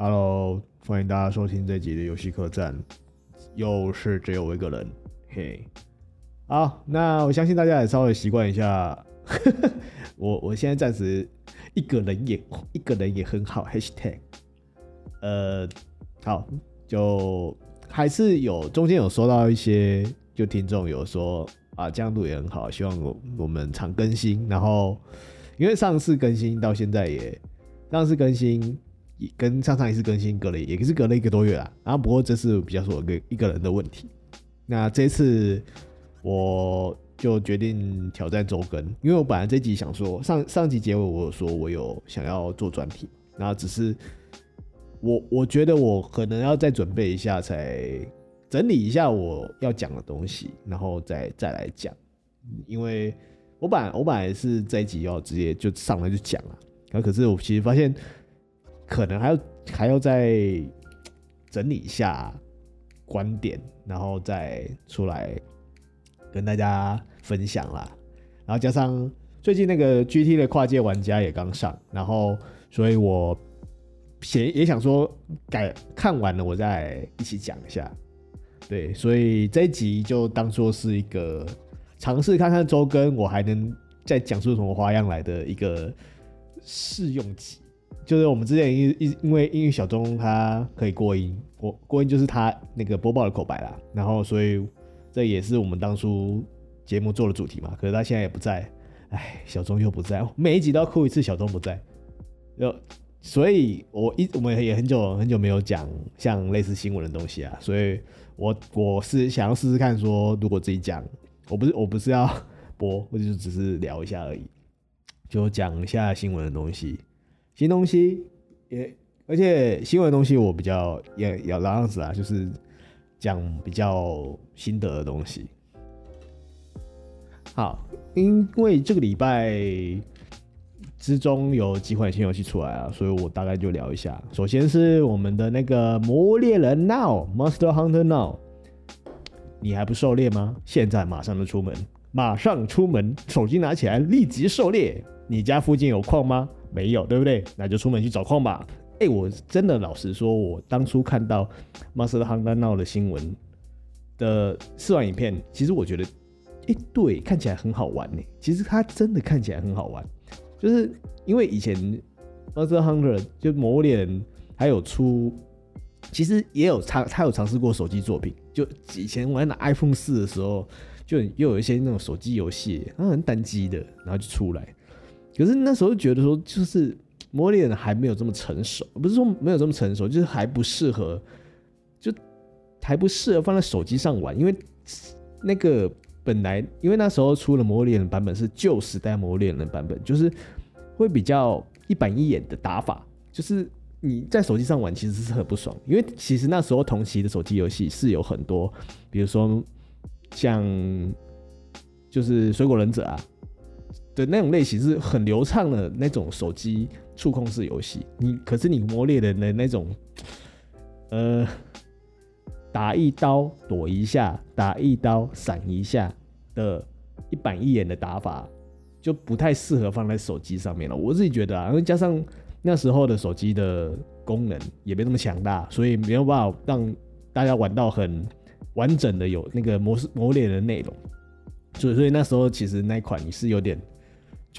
Hello，歡迎大家收聽這集的遊戲客棧，又是只有我一個人，嘿，好，那我相信大家也稍微習慣一下，呵呵我我現在暫時一個人也一個人也很好，hashtag 呃，好，就還是有中間有說到一些，就聽眾有說啊，這樣度也很好，希望我我們常更新，然後因為上次更新到現在也上次更新。跟上上一次更新隔了也是隔了一個多月了，然後，啊，不過這次比較說一個一個人的問題，那這次我就決定挑戰周更，因為我本來這集想說上上集結尾我有說我有想要做專題，然後只是我我覺得我可能要再準備一下，才整理一下我要講的東西，然後再再來講，嗯，因為我本來我本來是這一集要直接就上來就講了，然後，啊，可是我其實發現。可能還要還要再整理一下觀點，然後再出來跟大家分享啦。然後加上最近那個 GT 的跨界玩家也剛上，然後所以我也想說改，改看完了我再一起講一下。對，所以這一集就當做是一個嘗試看看週更，我還能再講出什麼花樣來的一個試用集。就是我們之前因因因為，因為小鍾他可以過音，過過音就是他那個播報的口白啦。然後所以這也是我們當初節目做的主題嘛。可是他現在也不在，哎，小鍾又不在，每一集都要哭一次。小鍾不在，又所以我一我們也很久很久沒有講像類似新聞的東西啊。所以我我是想要試試看，說如果自己講，我不是我不是要播，我就只是聊一下而已，就講一下新聞的東西。新東西也，而且新聞東西我比較也要老樣子啊，就是講比較心得的東西。好，因為這個禮拜之中有幾款新遊戲出來啊，所以我大概就聊一下。首先是我們的那個《魔獵人 Now》，《Monster Hunter Now》，你還不狩獵嗎？現在馬上就出門，馬上出門，手機拿起來，立即狩獵。你家附近有礦嗎？沒有，對不對？那就出門去找礦吧。哎，我真的老實說，我當初看到 Monster Hunter Now 的新聞的試玩影片，其實我覺得，哎，對，看起來很好玩呢。其實它真的看起來很好玩，就是因為以前 Monster Hunter 就魔物獵人還有出，其實也有他他有嘗試過手機作品。就以前我在拿 iPhone 四的時候，就又有一些那種手機遊戲它很單機的，然後就出來。可是那時候覺得說，就是魔物獵人還沒有這麼成熟，不是說沒有這麼成熟，就是還不適合，就還不適合放在手機上玩。因為那個本來，因為那時候出了魔物獵人版本是舊時代魔物獵人版本，就是會比較一板一眼的打法，就是你在手機上玩其實是很不爽。因為其實那時候同期的手機遊戲是有很多，比如說像就是水果忍者啊。的那種類型是很流暢的那種手機觸控式遊戲，你可是你魔獵的那那種，呃，打一刀躲一下，打一刀閃一下的，一板一眼的打法就不太適合放在手機上面了。我自己覺得啊，因為加上那時候的手機的功能也沒那麼強大，所以沒有辦法讓大家玩到很完整的有那個魔、魔獵的內容。所以，所以那時候其實那一款你是有點。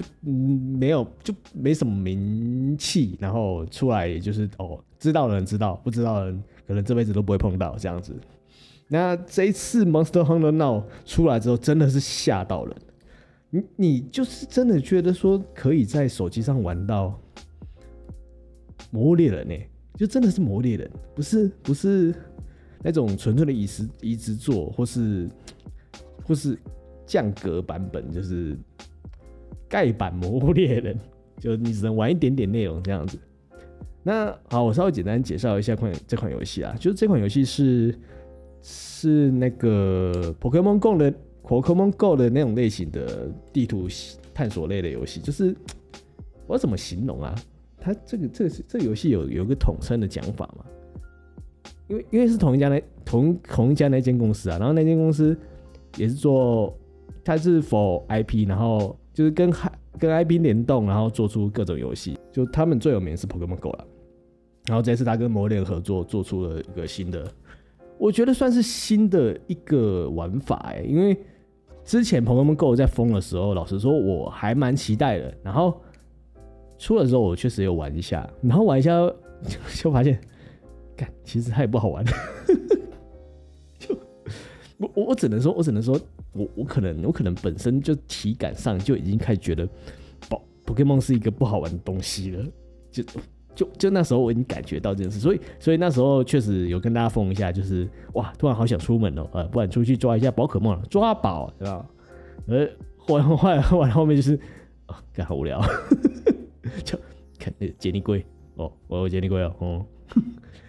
嗯，就沒有，就沒什麼名氣。然後出來也就是哦，知道的人知道，不知道的人可能這輩子都不會碰到這樣子。那這一次《Monster Hunter Now》出來之後，真的是嚇到人。你你就是真的覺得說，可以在手機上玩到《魔物獵人》呢，就真的是《魔物獵人》，不是不是那種純粹的移植移植作，或是或是降格版本，就是。蓋板魔物獵人，就你只能玩一點點內容這樣子。那好，我稍微簡單介紹一下款這款遊戲啊，就是這款遊戲是是那個《Pokémon Go》的《Pokémon Go》的那種類型的地圖探索類的遊戲，就是我怎麼形容啊？它這個這個這個遊戲有有一個統稱的講法嘛？因為因為是同一家，那同同一家那間公司啊，然後那間公司也是做，它是否 IP，然後。就是跟海跟 IP 聯動，然後做出各種遊戲。就他們最有名是 Pokémon Go 了，然後這次他跟摩點合作，做出了一個新的，我覺得算是新的一個玩法、欸、因為之前 Pokémon Go 在瘋的時候，老實說我還蠻期待的。然後出了之後，我確實有玩一下，然後玩一下就發現，幹，其實它也不好玩。 就我我只能說，我只能說。我我可能我可能本身就體感上就已經開始覺得寶寶可夢是一個不好玩的東西了，就就就那時候我已經感覺到這件事，所以所以那時候確實有跟大家瘋一下，就是哇，突然好想出門哦、哎，不然出去抓一下寶可夢了，抓寶，對吧？呃，後來後來後來後面就是啊，感、哦、覺好無聊， 就肯定傑尼龜哦，我有傑尼龜哦，嗯、哦，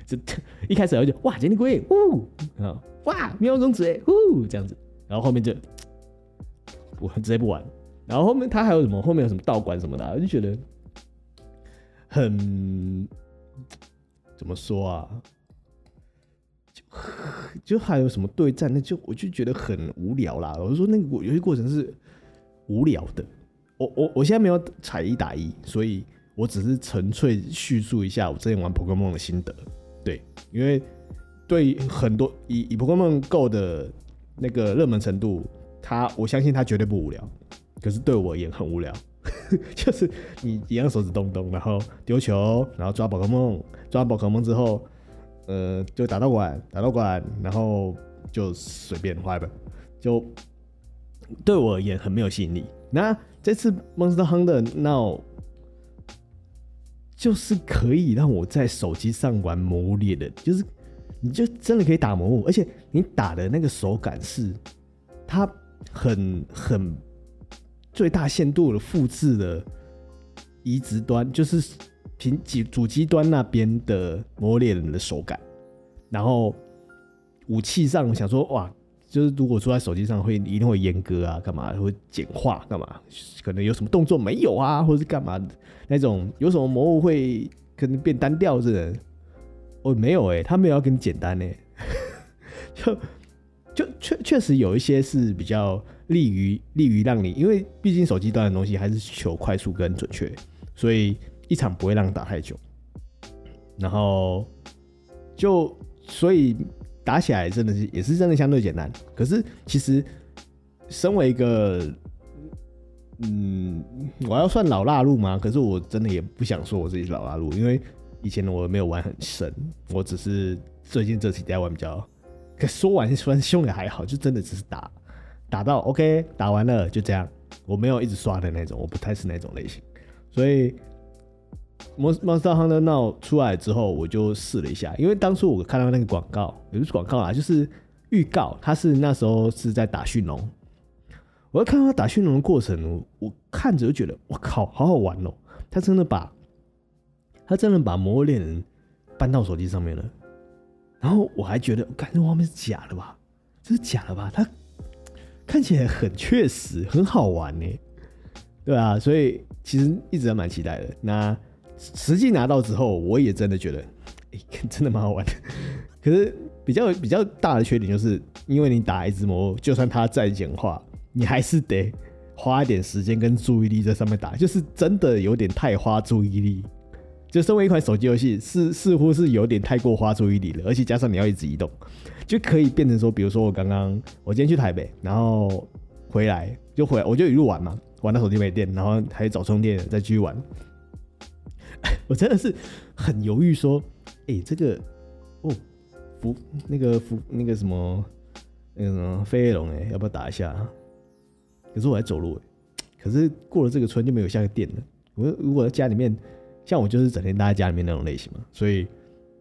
就 一開始我就哇傑尼龜嗚啊哇妙蛙種子嗚這樣子。然後後面就，我直接不玩。然後後面他還有什麼？後面有什麼道館什麼的，啊，我就覺得很怎麼說啊？就還有什麼對戰？那就我就覺得很無聊啦。我就說那個遊戲過程是無聊的。我我我現在沒有踩一打一，所以我只是純粹敘述，述一下我之前玩《寶可夢》的心得。對，因為對很多以以《寶可夢》Go 的。那個熱門程度，他，我相信他絕對不無聊，可是對我而言很無聊， 就是你一樣手指動動，然後丟球，然後抓寶可夢，抓寶可夢之後，呃，就打道館，打道館，然後就隨便壞吧，就對我而言很沒有吸引力。那這次 Monster Hunter Now 就是可以讓我在手機上玩魔物獵人，就是你就真的可以打魔物，而且。你打的那個手感是，它很很最大限度的複製了移植端，就是平主機端那邊的魔物獵人的手感。然後武器上我想說哇，就是如果說在手機上會一定會閹割啊，幹嘛會簡化幹嘛？可能有什麼動作沒有啊，或者是幹嘛那種有什麼魔物會可能變單調之類的。哦，沒有誒、欸，他沒有要跟你簡單哎、欸。就就確確實有一些是比較利於利於讓你，因為畢竟手機端的東西還是求快速跟準確，所以一場不會讓你打太久。然後就所以打起來真的是也是真的相對簡單，可是其實身為一個嗯，我要算老辣路嘛，可是我真的也不想說我自己是老辣路，因為以前我沒有玩很深，我只是最近這期在玩比較。說完算，雖然凶也還好，就真的只是打，打到 OK，打完了就這樣。我沒有一直刷的那種，我不太是那種類型。所以 Monster Hunter Now 出來之後，我就試了一下，因為當初我看到那個廣告，也不是廣告啦，就是預告，他是那時候是在打迅龍。我看到他打迅龍的過程，我看着就覺得，我靠，好好玩哦、喔！他真的把，他真的把《魔物獵人》搬到手機上面了。然後我還覺得，感覺這畫面是假的吧？這是假的吧？它看起來很確實，很好玩呢，對啊。所以其實一直還蠻期待的。那實際拿到之後，我也真的覺得，哎，真的蠻好玩的。可是比較比較大的缺點就是，因為你打一只魔物，就算它再簡化，你還是得花一點時間跟注意力在上面打，就是真的有點太花注意力。就身為一款手機遊戲，似似乎是有點太過花注意力了，而且加上你要一直移動，就可以變成說，比如說我剛剛我今天去台北，然後回來就回來我就一路玩嘛，玩到手機沒電，然後還找充電再繼續玩。 我真的是很猶豫說，哎、欸，這個哦，服那個服那個什麼那個什麼飛龍哎、欸，要不要打一下？可是我在走路、欸、可是過了這個村就沒有下個店了。我如果在家裡面。像我就是整天待在家裡面那種類型嘛，所以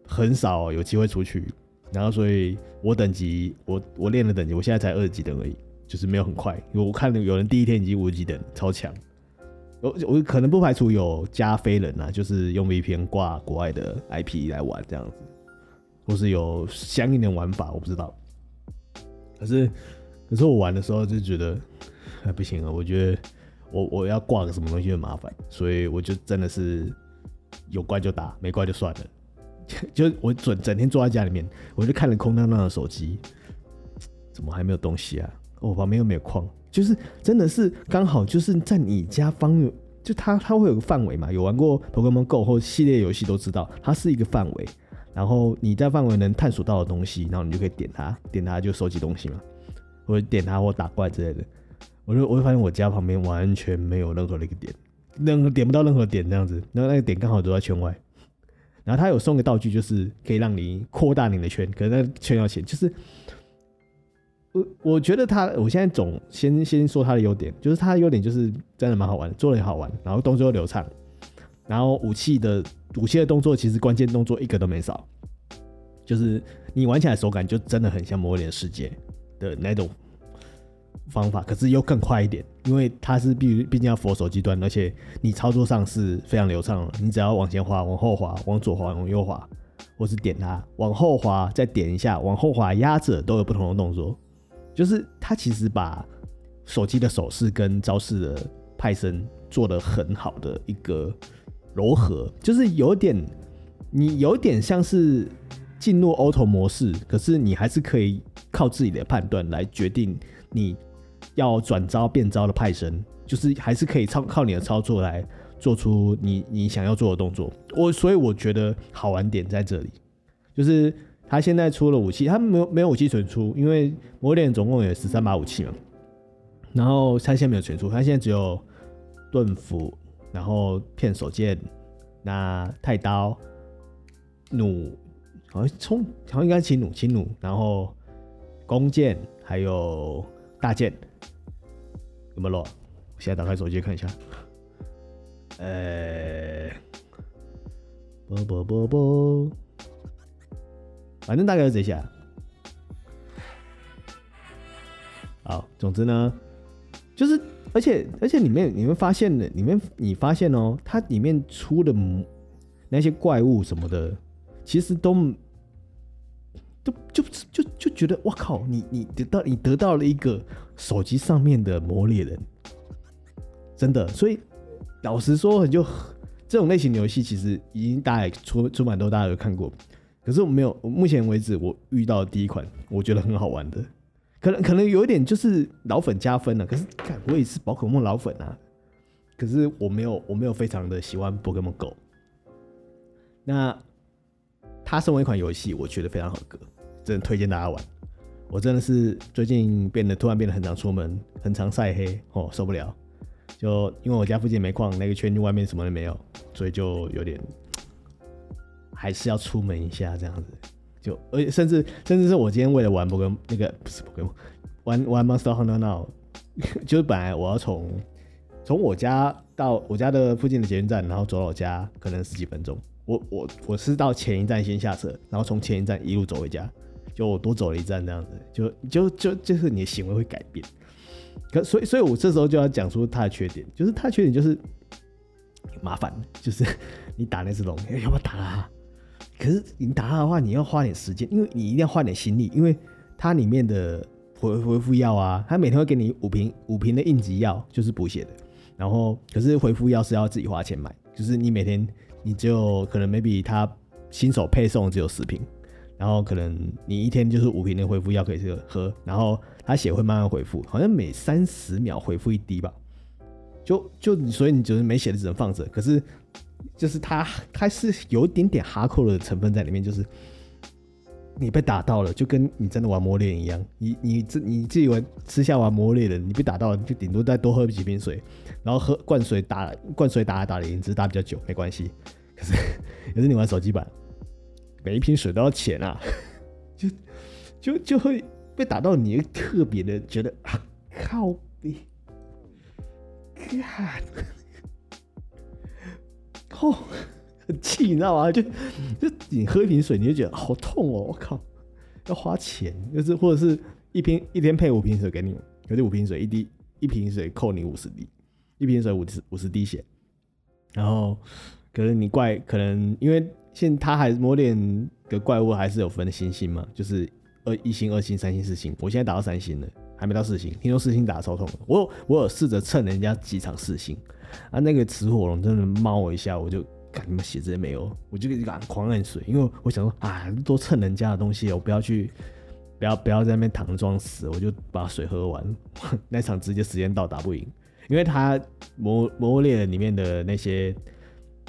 很少有機會出去，然後所以我等級我我練的等級，我現在才二十幾等而已，就是沒有很快。因為我看了有人第一天已經五十幾等，超強。我我可能不排除有加飛人啊，就是用 VPN 掛國外的 IP 來玩這樣子，或是有相應的玩法，我不知道。可是可是我玩的時候就覺得唉，不行啊，我覺得我我要掛個什麼東西就很麻煩，所以我就真的是。有怪就打，沒怪就算了。 就我準整天坐在家裡面，我就看着空蕩蕩的手機，怎麼還沒有東西啊？Oh, 我旁邊又沒有礦，就是真的是剛好就是在你家方，就它它會有個範圍嘛，有玩過《Pokémon GO》或系列遊戲都知道，它是一個範圍。然後你在範圍能探索到的東西，然後你就可以點它，點它就收集東西嘛。或者點它或打怪之類的，我就我就發現我家旁邊完全沒有任何的一個點。任何點不到任何點這樣子，然後那個點剛好都在圈外。然後他有送個道具，就是可以讓你擴大你的圈，可是那個圈要錢。就是我我覺得他，我現在總先先說他的優點，就是他的優點就是真的蠻好玩，做的也好玩，然後動作又流暢，然後武器的武器的動作其實關鍵動作一個都沒少，就是你玩起來手感就真的很像《模擬世界》的那種。方法可是又更快一點，因為它是畢畢竟要符合手機端，而且你操作上是非常流暢，你只要往前滑，往後滑，往左滑，往右滑，或是點它，往後滑再點一下，往後滑壓着都有不同的動作。就是它其實把手機的手勢跟招式的派生做得很好的一個柔合，就是有點你有點像是進入 auto 模式，可是你還是可以靠自己的判斷來決定。你要轉招變招的派生，就是還是可以操靠你的操作來做出你你想要做的動作。我所以我覺得好玩點在這裡，就是他現在出了武器，他沒有沒有武器全出，因為魔獵總共有十三把武器嘛。然後他現在沒有全出，他現在只有盾斧，然後片手劍，那太刀，弩好像衝，好像應該輕弩，輕弩，然後弓箭，還有。大件，怎麼了？我現在打開手機看一下。呃、欸，不不不不，反正大概是這些。好，總之呢，就是而且而且，而且裡面你會發現的，裡面你發現哦、喔，它裡面出的那些怪物什麼的，其實都。就就就，就覺得，哇靠，你你得到你得到了一個手機上面的魔獵人，真的。所以老實說就，就這種類型的遊戲，其實已經大家出出版都大家有看過，可是我沒有，目前為止我遇到的第一款我覺得很好玩的，可能可能有一點就是老粉加分了啊。可是，看我也是寶可夢老粉啊，可是我沒有我沒有非常的喜歡 Pokémon Go。那。他身為一款遊戲，我覺得非常合格，真的推薦大家玩。我真的是最近變得突然變得很常出門，很常曬黑哦，受不了。就因為我家附近沒礦那個圈，外面什麼都沒有，所以就有點還是要出門一下這樣子。就而且甚至甚至是我今天為了玩，那個《不跟那個不是不跟玩玩 Monster Hunter Now 》，就是本來我要從從我家到我家的附近的捷運站，然後走到我家，可能十幾分鐘。我我我是到前一站先下車，然後從前一站一路走回家，就我多走了一站這樣子，就就就就是你的行為會改變。可所以所以我這時候就要講出他的缺點，就是他的缺點就是麻煩，就是你打那隻龍要不要打它啊？可是你打它的話，你要花點時間，因為你一定要花點心力，因為它裡面的回回復藥啊，它每天會給你五瓶五瓶的應急藥，就是補血的。然後可是回復藥是要自己花錢買，就是你每天。你就可能 maybe 他新手配送只有十瓶，然後可能你一天就是五瓶的恢復藥可以喝，然後他血會慢慢恢復，好像每三十秒恢復一滴吧，就就所以你就是沒血的只能放着，可是就是他他是有一點點哈扣的成分在裡面，就是。你被打到了，就跟你真的玩魔獵一樣。你你自你，你自己玩吃下玩魔獵的，你被打到了，就頂多再多喝幾瓶水，然後喝灌水打灌水打打打的，你只是打比較久沒關係。可是可是你玩手機版，每一瓶水都要錢啊，就就就會被打到你，會特別的覺得啊靠逼，God，靠。氣，你知道嗎？就就你喝一瓶水，你就覺得好痛哦、喔！我靠，要花錢，就是或者是一瓶一天配五瓶水給你，可是五瓶水，一滴一瓶水扣你五十滴，一瓶水五五十滴血。然後可能你怪，可能因為現在他還摸點的怪物還是有分的星星嘛，就是二一星、二星、三星、四星。我現在打到三星了，還沒到四星。聽說四星打得超痛的，我有我有試着蹭人家幾場四星，啊，那個雌火龍真的貓我一下我就。幹你麼寫這些沒有，我就一直狂按水，因為我想說啊，多蹭人家的東西，我不要去，不要不要在那邊躺裝死，我就把水喝完。那場直接時間到打不贏，因為他魔魔物獵人裡面的那些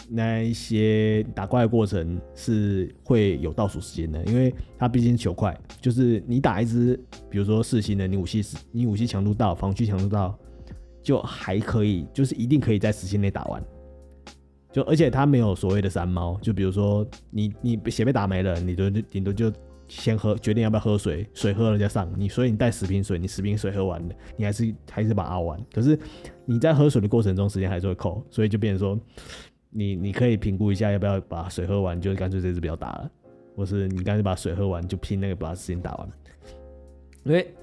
那一些打怪的過程是會有倒數時間的，因為他畢竟求快，就是你打一隻，比如說四星的，你武器你武器強度到，防具強度到，就還可以，就是一定可以在時限內打完。就而且它沒有所謂的三貓，就比如說你，你血被打沒了，你都頂多就先喝，決定要不要喝水，水喝了再上你。所以你帶十瓶水，你十瓶水喝完了，你還是還是把它熬完。可是你在喝水的過程中時間還是會扣，所以就變成說你，你可以評估一下要不要把水喝完，就乾脆這次不要打了，或是你乾脆把水喝完就拼那個把時間打完。因為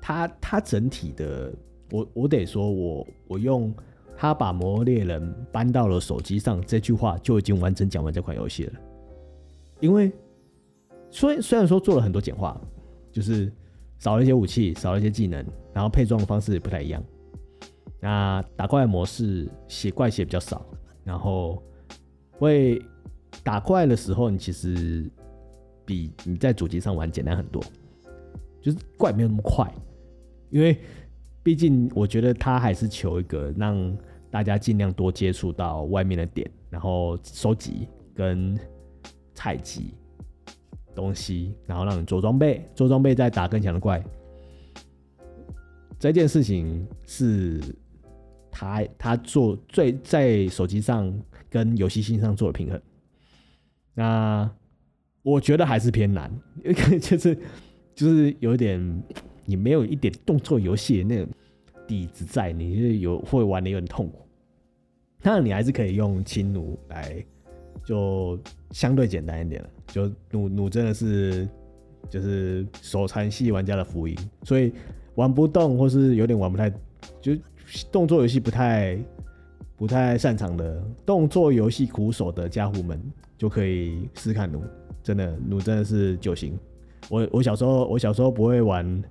它他，他整體的，我我得說我我用。他把《魔獵人》搬到了手機上，這句話就已經完整講完這款遊戲了。因為，雖雖然說做了很多簡化，就是少了一些武器，少了一些技能，然後配裝的方式也不太一樣。那打怪模式血，怪血比較少，然後會打怪的時候，你其實比你在主機上玩簡單很多，就是怪沒有那麼快，因為。畢竟，我覺得他還是求一個讓大家盡量多接觸到外面的點，然後收集跟採集東西，然後讓你做裝備，做裝備再打更強的怪。這件事情是他他做最在手機上跟遊戲性上做的平衡。那我覺得還是偏難，因為就是就是有點。你沒有一點動作遊戲的那個底子在，你是有會玩的有點痛苦。那你還是可以用輕弩來，就相對簡單一點了。就弩弩真的是就是手殘系玩家的福音，所以玩不動或是有點玩不太，就動作遊戲不太不太擅長的，動作遊戲苦手的家伙們就可以試看弩。真的弩真的是就行。我我小時候我小時候不會玩。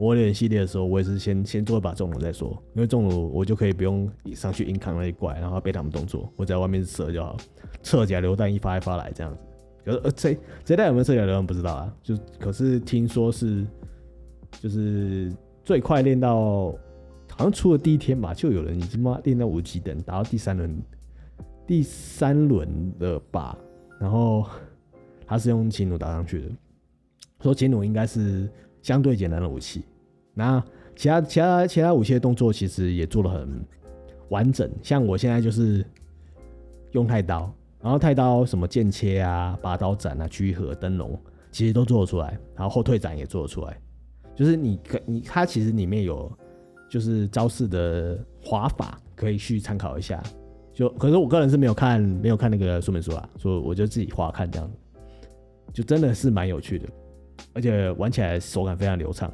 我獵系列的時候，我也是先先做一把重弩再說，因為重弩我就可以不用上去硬扛那一怪，然後被他們動作，我在外面射就好了。徹甲榴彈一發一發來這樣子。可是呃，這這代有沒有徹甲榴彈不知道啊？就可是聽說是就是最快練到好像出了第一天吧，就有人已經嘛練到五級等，打到第三輪第三輪的吧。然後他是用輕弩打上去的，說輕弩應該是相對簡單的武器。那其他其他其他武器的動作其實也做得很完整，像我現在就是用太刀，然後太刀什麼劍切啊、拔刀斬啊、居合、燈籠，其實都做得出來，然後後退斬也做得出來。就是你可你它其實裡面有就是招式的滑法可以去參考一下。就可是我個人是沒有看沒有看那個說明書啊，所以我就自己滑看這樣，就真的是蠻有趣的，而且玩起來手感非常流暢。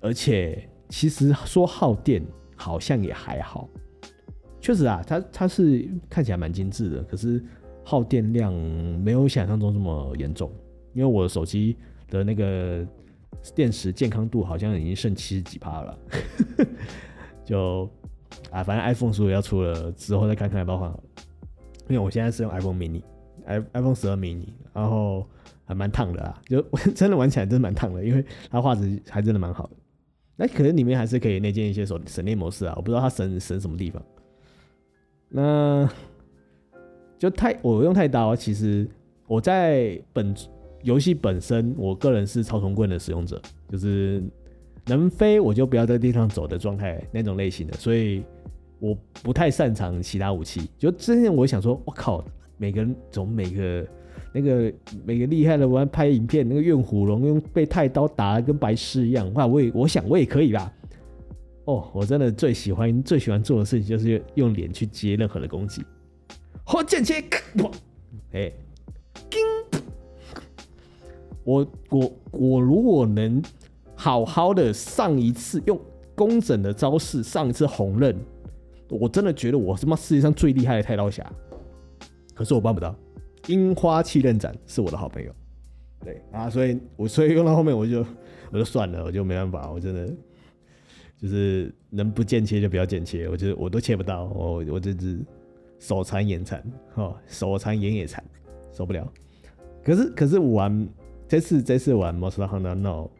而且其實說耗電好像也還好，確實啊，它它是看起來蠻精緻的，可是耗電量沒有想象中這麼嚴重。因為我手機的那個電池健康度好像已經剩七十幾趴了， 就啊，反正 iPhone 十五要出了之後再看看要不要換好了。因為我現在是用 mini, iPhone mini，i iPhone 十二 mini，然後還蠻燙的啊，就真的玩起來真的蠻燙的，因為它畫質還真的蠻好的。那可能裡面還是可以內建一些省省電模式啊，我不知道它省省什麼地方。那就太我用太刀，其實我在本遊戲本身，我個人是超重棍的使用者，就是能飛我就不要在地上走的狀態那種類型的，所以我不太擅長其他武器。就之前我想說，我靠，每個人總每個。那個每個厲害的我還拍影片，那個怨虎龍用被太刀打的跟白痴一樣，哇！我也我想我也可以啦。哦、oh，我真的最喜歡最喜歡做的事情就是用臉去接任何的攻擊，火箭切！哇，哎，金，我我我如果能好好的上一次用工整的招式上一次紅刃，我真的覺得我是世界上最厲害的太刀俠，可是我辦不到。櫻花氣刃斬是我的好朋友，對啊，所以我所以用到後面我就我就算了，我就沒辦法，我真的就是能不見切就不要見切，我就我都切不到，我我這只手殘眼殘哦，手殘眼也殘，受不了。可是可是玩這次這次玩《Monster Hunter》Now，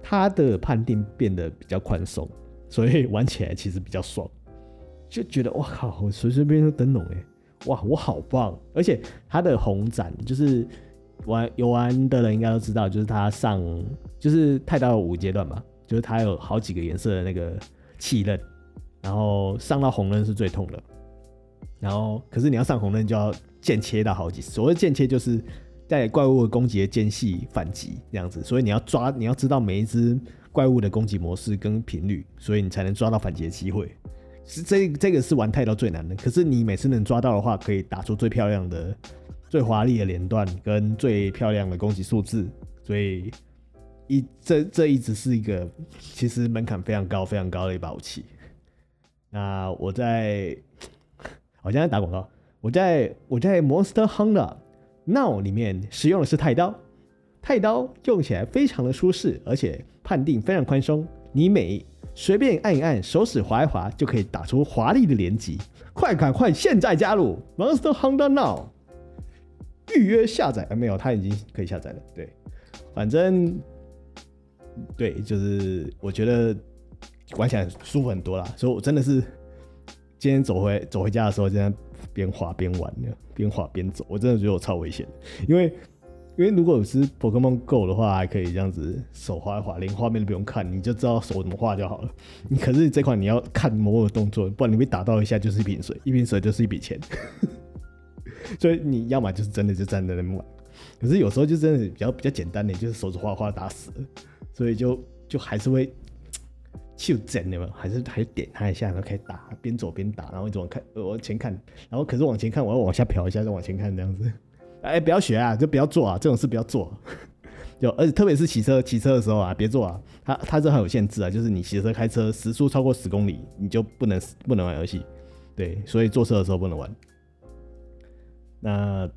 他的判定變得比較寬鬆，所以玩起來其實比較爽，就覺得哇靠，我隨隨便便都登龍誒、欸。哇，我好棒！而且它的紅斬就是玩，有玩的人應該都知道，就是它上就是太刀五階段嘛，就是它有好幾個顏色的那個氣刃，然後上到紅刃是最痛的。然後，可是你要上紅刃就要間切到好幾次。所謂間切，就是在怪物的攻擊的間隙反擊這樣子，所以你要抓，你要知道每一隻怪物的攻擊模式跟頻率，所以你才能抓到反擊的機會。是這這個是玩太刀最難的，可是你每次能抓到的話，可以打出最漂亮的、最華麗的連段跟最漂亮的攻擊數字，所以一這這一直是一個其實門檻非常高、非常高的一把武器。那我在我現在打廣告，我在我在 Monster Hunter Now 裡面使用的是太刀，太刀用起來非常的舒適，而且判定非常寬鬆，你每。隨便按一按，手指劃一劃，就可以打出華麗的連擊！快趕快，現在加入 Monster Hunter Now！預約下載、啊、沒有，它已經可以下載了。對，反正對，就是我覺得玩起來舒服很多啦。所以我真的是今天走回走回家的時候，今天邊滑邊玩，邊滑邊走，我真的覺得我超危險，因為。因為如果是 Pokemon Go 的話，還可以這樣子手滑一滑，連畫面都不用看，你就知道手怎麼畫就好了。你可是這款你要看某個動作，不然你被打到一下就是一瓶水，一瓶水就是一筆錢。 所以你要麼就是真的就站在那邊玩，可是有時候就真的比較比較簡單的，就是手指畫畫打死了。所以就就還是會就點你們，還是還是點他一下，然後可以打，邊走邊打，然後一直往看往、呃、前看，然後可是往前看，我要往下瞟一下再往前看這樣子。哎，不要學啊，就不要做啊，這種事不要做啊。就而且特別是騎車，騎車的時候啊，別做啊。它它這很有限制啊，就是你騎車、開車時速超過十公里，你就不能不能玩遊戲。對，所以坐車的時候不能玩。那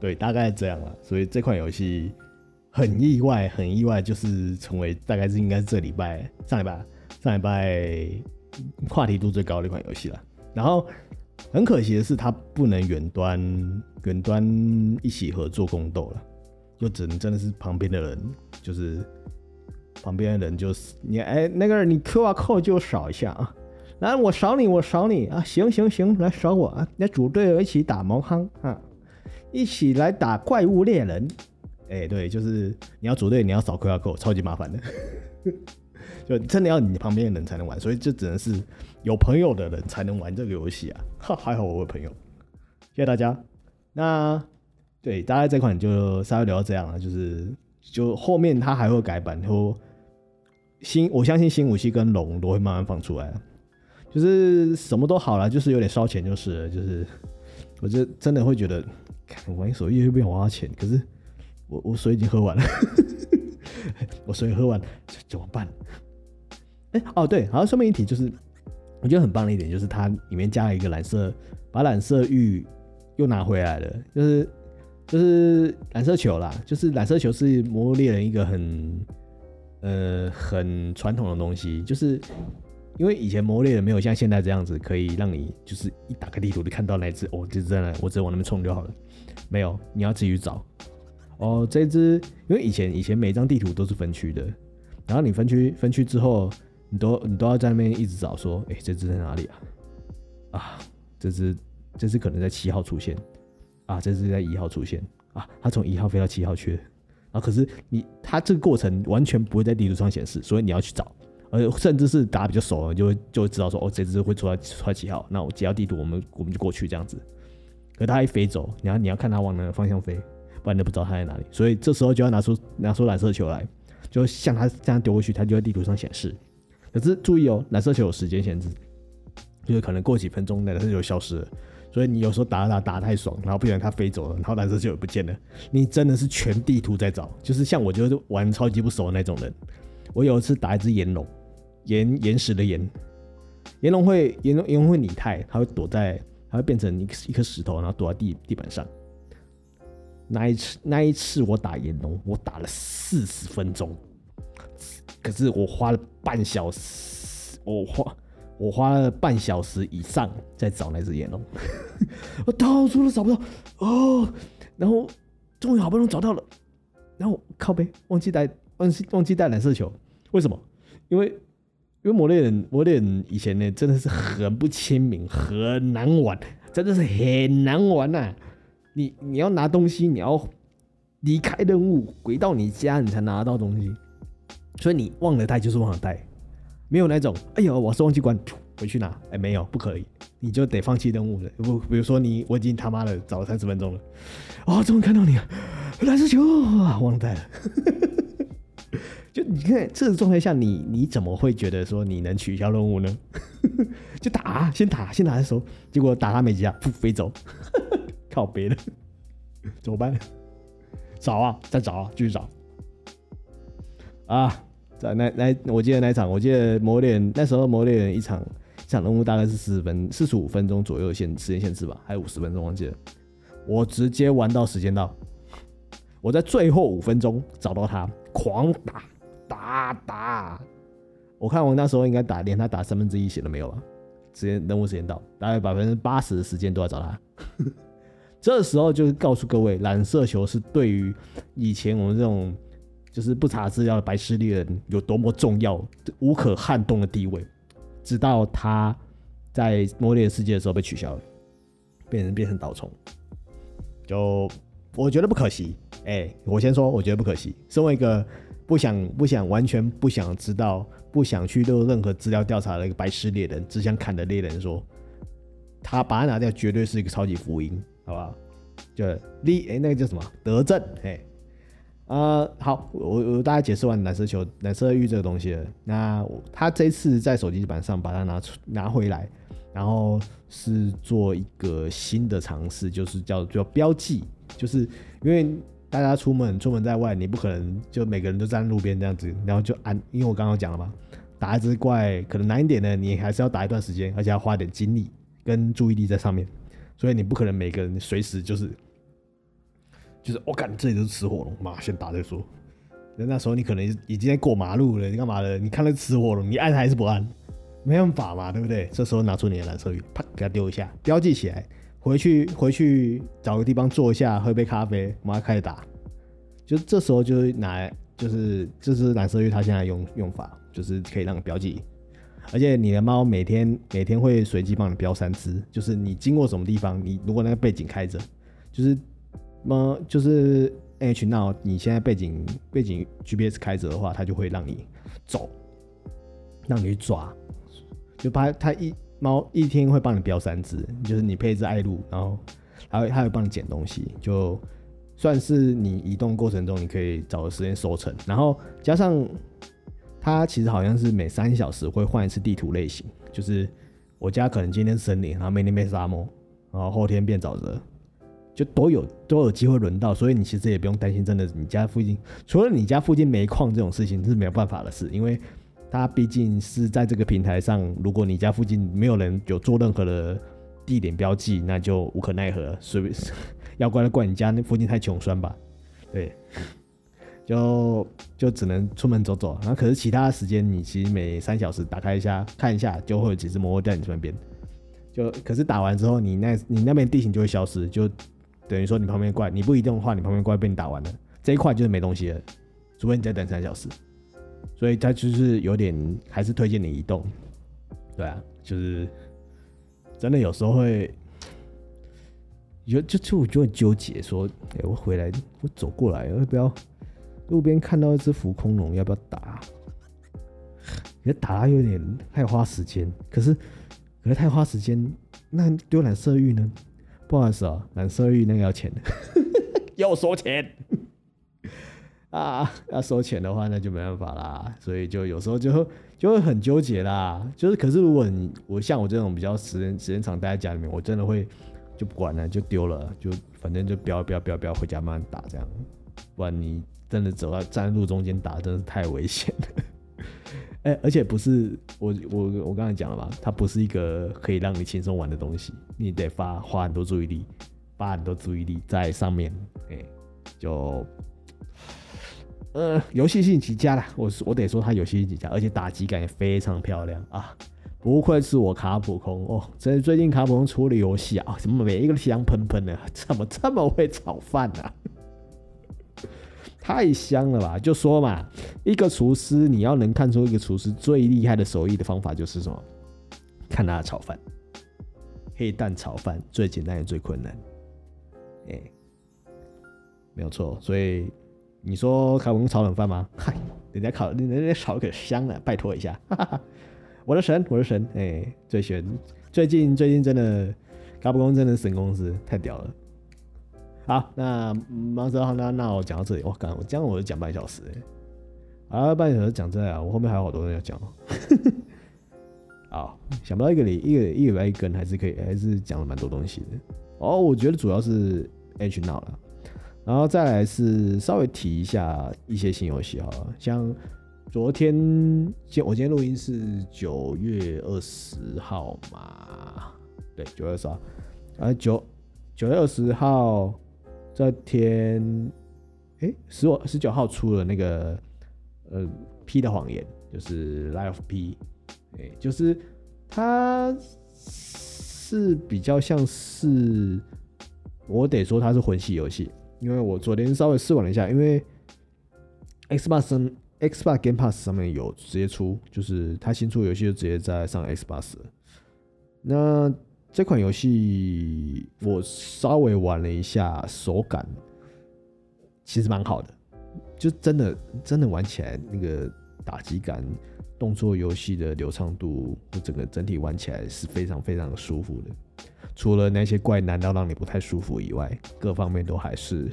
對，大概這樣了。所以這款遊戲很意外，很意外，就是成為大概是應該是這禮拜上禮拜上禮拜話題度最高的一款遊戲了。然後。很可惜的是，他不能遠端遠端一起合作共鬥了，就只能真的是旁邊的人，就是旁邊的人就，就是你哎，那個人你 QR code 就掃一下啊，來我掃你，我掃你啊，行行行，來掃我啊，來組隊一起打魔康啊，一起來打怪物獵人，哎、欸、對，就是你要組隊，你要掃 QR code，超級麻煩的， 就真的要你旁邊的人才能玩，所以就只能是。有朋友的人才能玩這個遊戲啊！還好我有朋友，謝謝大家。那對大概這款就稍微聊到這樣了，就是就後面它還會改版，說新我相信新武器跟龍都會慢慢放出來，就是什麼都好了，就是有點燒錢，就是了就是，我就真的會覺得玩手機又不想花錢，可是我我水已經喝完了， 我水喝完了怎麼辦？哎哦對，好，順便一提就是。我覺得很棒的一點就是它裡面加了一個染色，把染色玉又拿回來了，就是就是染色球啦，就是染色球是魔物獵人一個很呃很傳統的東西，就是因為以前魔物獵人沒有像現在這樣子，可以讓你就是一打開地圖就看到那隻，哦，就在那，我直接往那邊衝就好了，沒有你要自己去找。哦，這隻，因為以前以前每張地圖都是分區的，然後你分區分區之後，你都你都要在那邊一直找，說，哎、欸，這只在哪裡啊？啊，這只，這只可能在七號出現，啊，這只在一號出現，啊，它從一號飛到七號去，啊，可是你它這個過程完全不會在地圖上顯示，所以你要去找，而甚至是打比較熟了，你就會就會知道說，哦，這只會出來出來七號，那我接到地圖，我們我們就過去這樣子。可它一飛走，你要你要看它往哪個方向飛，不然你都不知道它在哪裡。所以這時候就要拿出拿出藍色球來，就像它這樣丟過去，它就在地圖上顯示。可是注意哦，藍色球有時間限制，就是可能過幾分鐘，藍色球消失了。所以你有時候打打打，打得太爽，然後不小心它飛走了，然後藍色球也不見了。你真的是全地圖在找，就是像我就是玩超級不熟的那種人。我有一次打一隻岩龍，岩岩石的岩，岩龍會岩龍岩龍會擬態，它會躲在，它會變成一一顆石頭，然後躲在地地板上。那一次那一次我打岩龍，我打了四十分鐘。可是我花了半小時，我花我花了半小時以上在找那只岩龍，我 到處都找不到哦，然後終於好不容易找到了，然後靠北忘記帶忘記忘記帶藍色球，為什麼？因為因為魔獵人魔獵人以前呢真的是很不親民，很難玩，真的是很難玩吶、啊！你你要拿東西，你要離開任務，回到你家你才拿到東西。所以你忘了帶就是忘了帶，沒有那種哎呦，我是忘記關，回去拿，哎沒有，不可以，你就得放棄任務了。我比如說你，我已經他媽的找了三十分鐘了，哦，終於看到你了，藍絲球忘帶了，了， 就你看這種狀態下你，你你怎麼會覺得說你能取消任務呢？ 就打、啊，先打，先打的時候，結果打他沒幾下，噗飛走， 靠北的，怎麼辦？找啊，再找、啊，繼續找，啊。那那我記得那場，我記得魔獵那時候魔獵人一場一場任務大概是四十分四十五分鐘左右限時間限制吧，還有五十分鐘忘記了。我直接玩到時間到，我在最後五分鐘找到他，狂打打打。我看我那時候應該打連他打三分之一血都沒有吧，時間任務時間到，大概百分之八十的時間都要找他呵呵。這時候就是告訴各位，染色球是對於以前我們這種。就是不查資料的白痴獵人有多麼重要，無可撼動的地位，直到他在魔獵世界的時候被取消了，被變成導蟲。就我覺得不可惜。哎、欸，我先說，我覺得不可惜。身為一個不想、不想完全不想知道、不想去做任何資料調查的一個白痴獵人，只想砍的獵人說，他把他拿掉絕對是一個超級福音，好不好？就你哎、欸，那個叫什麼德政哎。欸呃，好，我我大概解釋完藍色球，藍色玉這個東西了。那我他這次在手機版上把它拿出拿回來，然後是做一個新的嘗試，就是叫做標記。就是因為大家出門出門在外，你不可能就每個人都站在路邊這樣子，然後就按。因為我剛剛講了嘛，打一只怪可能難一點呢，你還是要打一段時間，而且要花點精力跟注意力在上面，所以你不可能每個人隨時就是。就是我感、哦、這裡都是雌火龍，嘛，先打再說。那那時候你可能已經在過馬路了，你幹嘛呢？你看那雌火龍，你按還是不按？沒辦法嘛，對不對？這時候拿出你的藍色魚，啪給它丟一下，標記起來。回去回去找個地方坐一下，喝杯咖啡，媽開始打。就這時候就是拿，就是就是藍色魚，它現在用用法就是可以讓你標記。而且你的貓每天每天會隨機幫你標三隻，就是你經過什麼地方，你如果那個背景開着，就是。麼、嗯、就是 H now 你現在背景背景 GPS 開着的話，它就會讓你走，讓你去抓，就它它一貓一天會幫你標三隻，就是你配一隻艾露，然後還有還有幫你撿東西，就算是你移動過程中你可以找個時間收成，然後加上它其實好像是每三小時會換一次地圖類型，就是我家可能今天是森林，然後明天變沙漠，然後後天變沼澤。就都有都有機會輪到，所以你其實也不用擔心。真的，你家附近除了你家附近沒礦這種事情是沒有辦法的事，因為它畢竟是在這個平台上。如果你家附近沒有人有做任何的地點標記，那就無可奈何，所以要怪就怪你家那附近太窮酸吧。對，就就只能出門走走。那可是其他時間，你其實每三小時打開一下看一下，就會有幾隻魔物在你身邊。就可是打完之後你，你那你那邊地形就會消失，就。等於說你旁邊怪，你不移動的話，你旁邊怪被你打完了，這一塊就是沒東西了，除非你再等三小時。所以他就是有點，還是推薦你移動。對啊，就是真的有時候會，有就就我就會糾結，說哎、欸，我回來我走過來，要不要路邊看到一隻浮空龍，要不要打？你 打有點害花太花時間，可是可是太花時間，那丟染色玉呢？不好意思哦、喔，藍色玉那個要錢的，要 收錢 啊！要收錢的話，那就沒辦法啦。所以就有時候就就會很糾結啦。就是可是，如果你我像我這種比較時間時間長待在家裡面，我真的會就不管了，就丟了，就反正就不要不要不要不要回家慢慢打這樣。不然你真的走到站在路中間打，真的是太危險了。哎、欸，而且不是我我我剛才講了吧，它不是一個可以讓你輕鬆玩的東西，你得發花很多注意力，花很多注意力在上面。哎、欸，就呃，遊戲性極佳啦，我我得說它遊戲性極佳，而且打擊感也非常漂亮啊！不愧是我卡普空哦，這最近卡普空出了遊戲啊，怎、啊、麼每一個都香噴噴的，怎麼這麼會炒飯啊？太香了吧！就說嘛，一個廚師你要能看出一個廚師最厲害的手藝的方法就是什麼？看他的炒飯，黑蛋炒飯最簡單也最困難。哎，沒有錯。所以你說卡普空炒冷飯嗎？嗨、哎，人家炒，人家炒可香了、啊，拜託一下。哈哈哈，我的神，我的神。哎，最懸，最近最近真的卡普空真的神公司，太屌了。好，那馬上好，那那我講到這裡，我剛，我這樣我就講半小時哎，啊，半小時講這啊，我後面還有好多人要講哦，好，想不到一個禮一個一個禮拜一更還是可以，還是講了蠻多東西的哦，我覺得主要是 MHN 啦，然後再來是稍微提一下一些新遊戲哈，像昨天今我今天錄音是九月二十號嘛，對，九月二十號，啊九九月二十號。這天，誒十五十九號出了那個呃 P 的謊言，就是 Lies of P，誒就是它是比較像是，我得說它是魂系遊戲，因為我昨天稍微試玩了一下，因為 Xbox Xbox Game Pass 上面有直接出，就是它新出遊戲就直接在上 Xbox 了，那。這款遊戲我稍微玩了一下，手感其實蠻好的，就真的真的玩起來那個打擊感、動作遊戲的流暢度，就整個整體玩起來是非常非常舒服的。除了那些怪難到讓你不太舒服以外，各方面都還是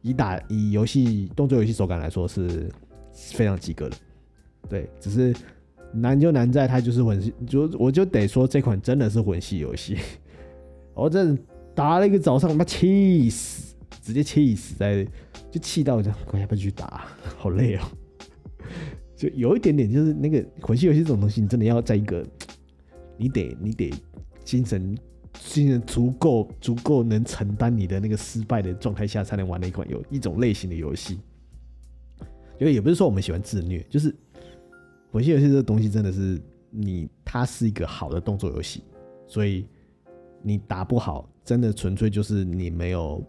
以打以遊戲動作遊戲手感來說是非常及格的。對，只是。難就難在它就是魂系，就我就得說這款真的是魂系遊戲。我真的打了一個早上，他媽氣死，直接氣死在，就氣到我想，我要不要去打啊，好累哦。就有一點點，就是那個魂系遊戲這種東西，你真的要在一個你得你得精神精神足夠足夠能承擔你的那個失敗的狀態下，才能玩的一款有一種類型的遊戲。就也不是說我們喜歡自虐，就是。魂系遊戲這個東西真的是你，它是一個好的動作遊戲，所以你打不好，真的純粹就是你沒有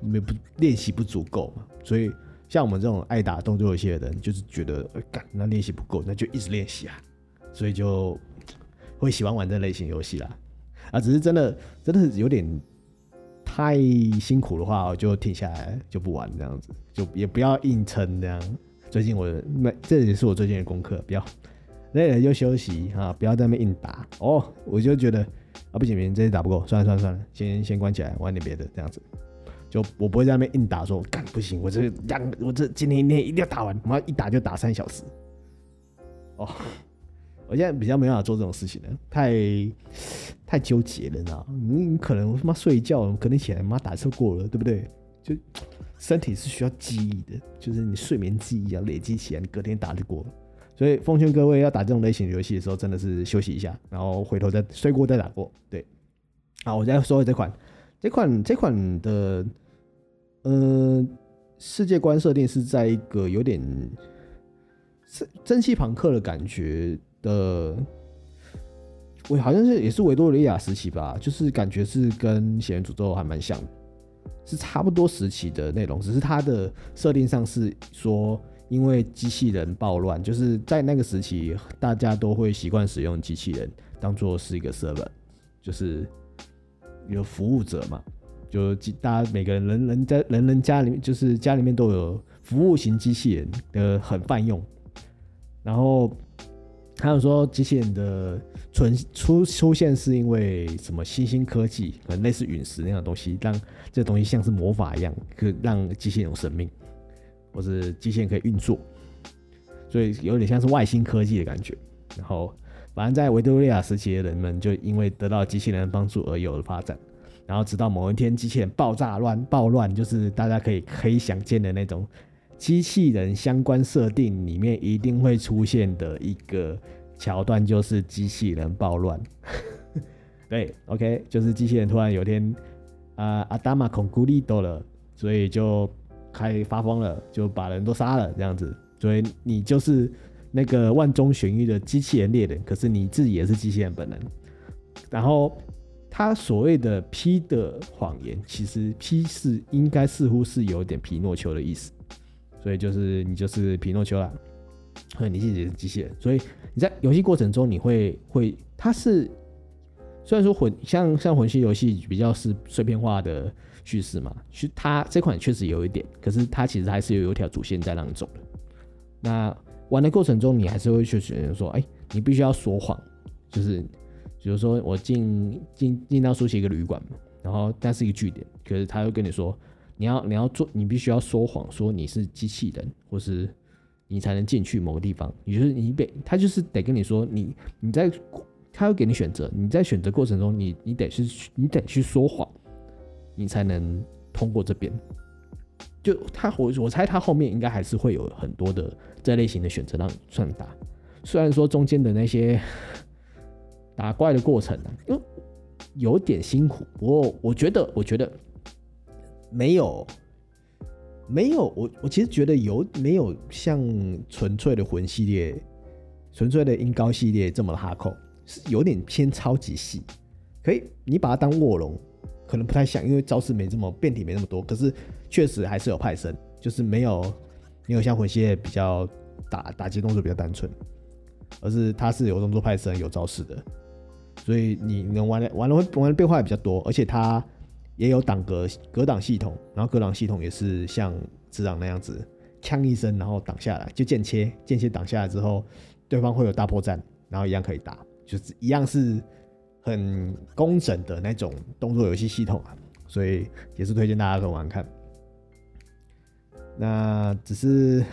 沒有不練習不足夠嘛。所以像我們這種愛打動作遊戲的人，就是覺得欸、幹、那練習不夠，那就一直練習啊。所以就會喜歡玩這類型遊戲啦。啊，只是真的真的是有點太辛苦的話，我就停下來就不玩這樣子，就也不要硬撐這樣。最近我沒，這也是我最近的功課，不要累了就休息啊，不要在那邊硬打哦。Oh, 我就覺得啊不行不行，這次打不夠，算了算了算了，先先關起來玩點別的這樣子。就我不會在那邊硬打說，說幹不行，我這兩我這今天一天一定要打完，我一打就打三小時。哦、oh,，我現在比較沒辦法做這種事情了，太太糾結了，你知道？你可能我他媽睡一覺，可能起來媽打車過了，對不對？就。身體是需要記憶的，就是你睡眠記憶啊，累積起來，你隔天打得過。所以奉勸各位，要打這種類型遊戲的時候，真的是休息一下，然後回頭再睡過再打過。對，好，我再說這款，這款這款的，嗯、呃，世界觀設定是在一個有點是蒸汽朋克的感覺的，我好像是也是維多利亞時期吧，就是感覺是跟血《血源詛咒》還蠻像。是差不多時期的內容，只是它的設定上是說，因為機器人暴亂，就是在那個時期，大家都會習慣使用機器人當做是一個 server，就是有服務者嘛，就大家每個人人人家，人人家裡面，就是家裡面都有服務型機器人的很泛用，然後還有說機器人的。出出出現是因為什麼新興科技，可能類似隕石那樣的東西，讓這東西像是魔法一樣，可讓機器人有生命，或是機器人可以運作，所以有點像是外星科技的感覺。然後，反正在維多利亞時期的人們就因為得到機器人的幫助而有了發展。然後，直到某一天，機器人爆炸亂暴亂，就是大家可以可以想見的那種機器人相關設定裡面一定會出現的一個。橋段就是機器人暴亂。 對，OK，就是機器人突然有一天啊，阿達瑪孔固力多了，所以就開發瘋了，就把人都殺了這樣子。所以你就是那個萬中尋一的機器人獵人，可是你自己也是機器人本人。然後他所謂的 P 的謊言，其實 P 是應該似乎是有點皮諾丘的意思，所以就是你就是皮諾丘啦，哼，你自己也是機器人，所以。你在遊戲過程中，你會會它，是雖然說魂像像魂系遊戲比較是碎片化的敘事嘛，它這款確實有一點，可是它其實還是有有一條主線在讓你走的。那玩的過程中，你還是會去選擇說，哎、欸，你必須要說謊，就是比如說我進進進到書寫一個旅館，然後但是一個據點，可是他又跟你說你要你要做，你必須要說謊，說你是機器人或是。你才能進去某個地方，你就是你被他就是得跟你說，你你在，他會給你選擇，你在選擇過程中，你你得去你得去說謊，你才能通過這邊。就他，我我猜他後面應該還是會有很多的這類型的選擇讓你算打。雖然說中間的那些打怪的過程因為有點辛苦，我我覺得我覺得沒有。沒有，我，我其實覺得有沒有像純粹的魂系列、純粹的音高系列這麼哈扣，是有點偏超級細。可以，你把它當臥龍，可能不太像，因為招式沒這麼變體沒那麼多。可是確實還是有派生，就是沒有沒有像魂系列比較打打擊動作比較單純，而是它是有動作派生、有招式的，所以你能玩的玩的玩的變化也比較多，而且它。也有擋格格擋系統，然後格擋系統也是像隻狼那樣子，嗆一聲，然後擋下來就間切，間切擋下來之後，對方會有大破綻，然後一樣可以打，就是一樣是很工整的那種動作遊戲系統啊，所以也是推薦大家去玩看。那只是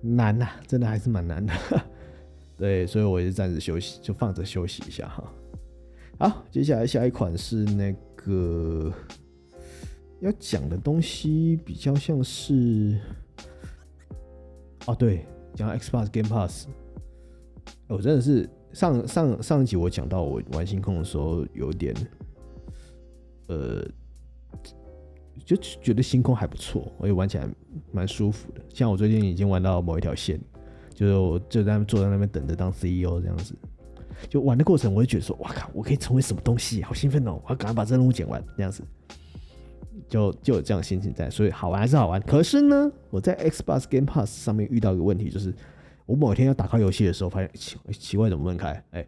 難吶、啊，真的還是蠻難的， 對，所以我也是暫時休息，就放着休息一下哈。好，接下來下一款是那個個要講的東西比較像是，哦，對，講 Xbox Game Pass。我真的是上上上一集我講到我玩星空的時候有點，呃，就覺得星空還不錯，我也玩起來蠻舒服的。像我最近已經玩到某一條線，就我就在坐在那邊等着當 CEO 這樣子。就玩的過程，我就覺得說，哇靠，我可以成為什麼東西，好興奮哦！我要趕快把這任務撿完，這樣子，就就有這樣的心情在。所以好玩還是好玩，可是呢，我在 Xbox Game Pass 上面遇到一個問題，就是我某一天要打開遊戲的時候，發現奇奇怪怎麼不能開？哎，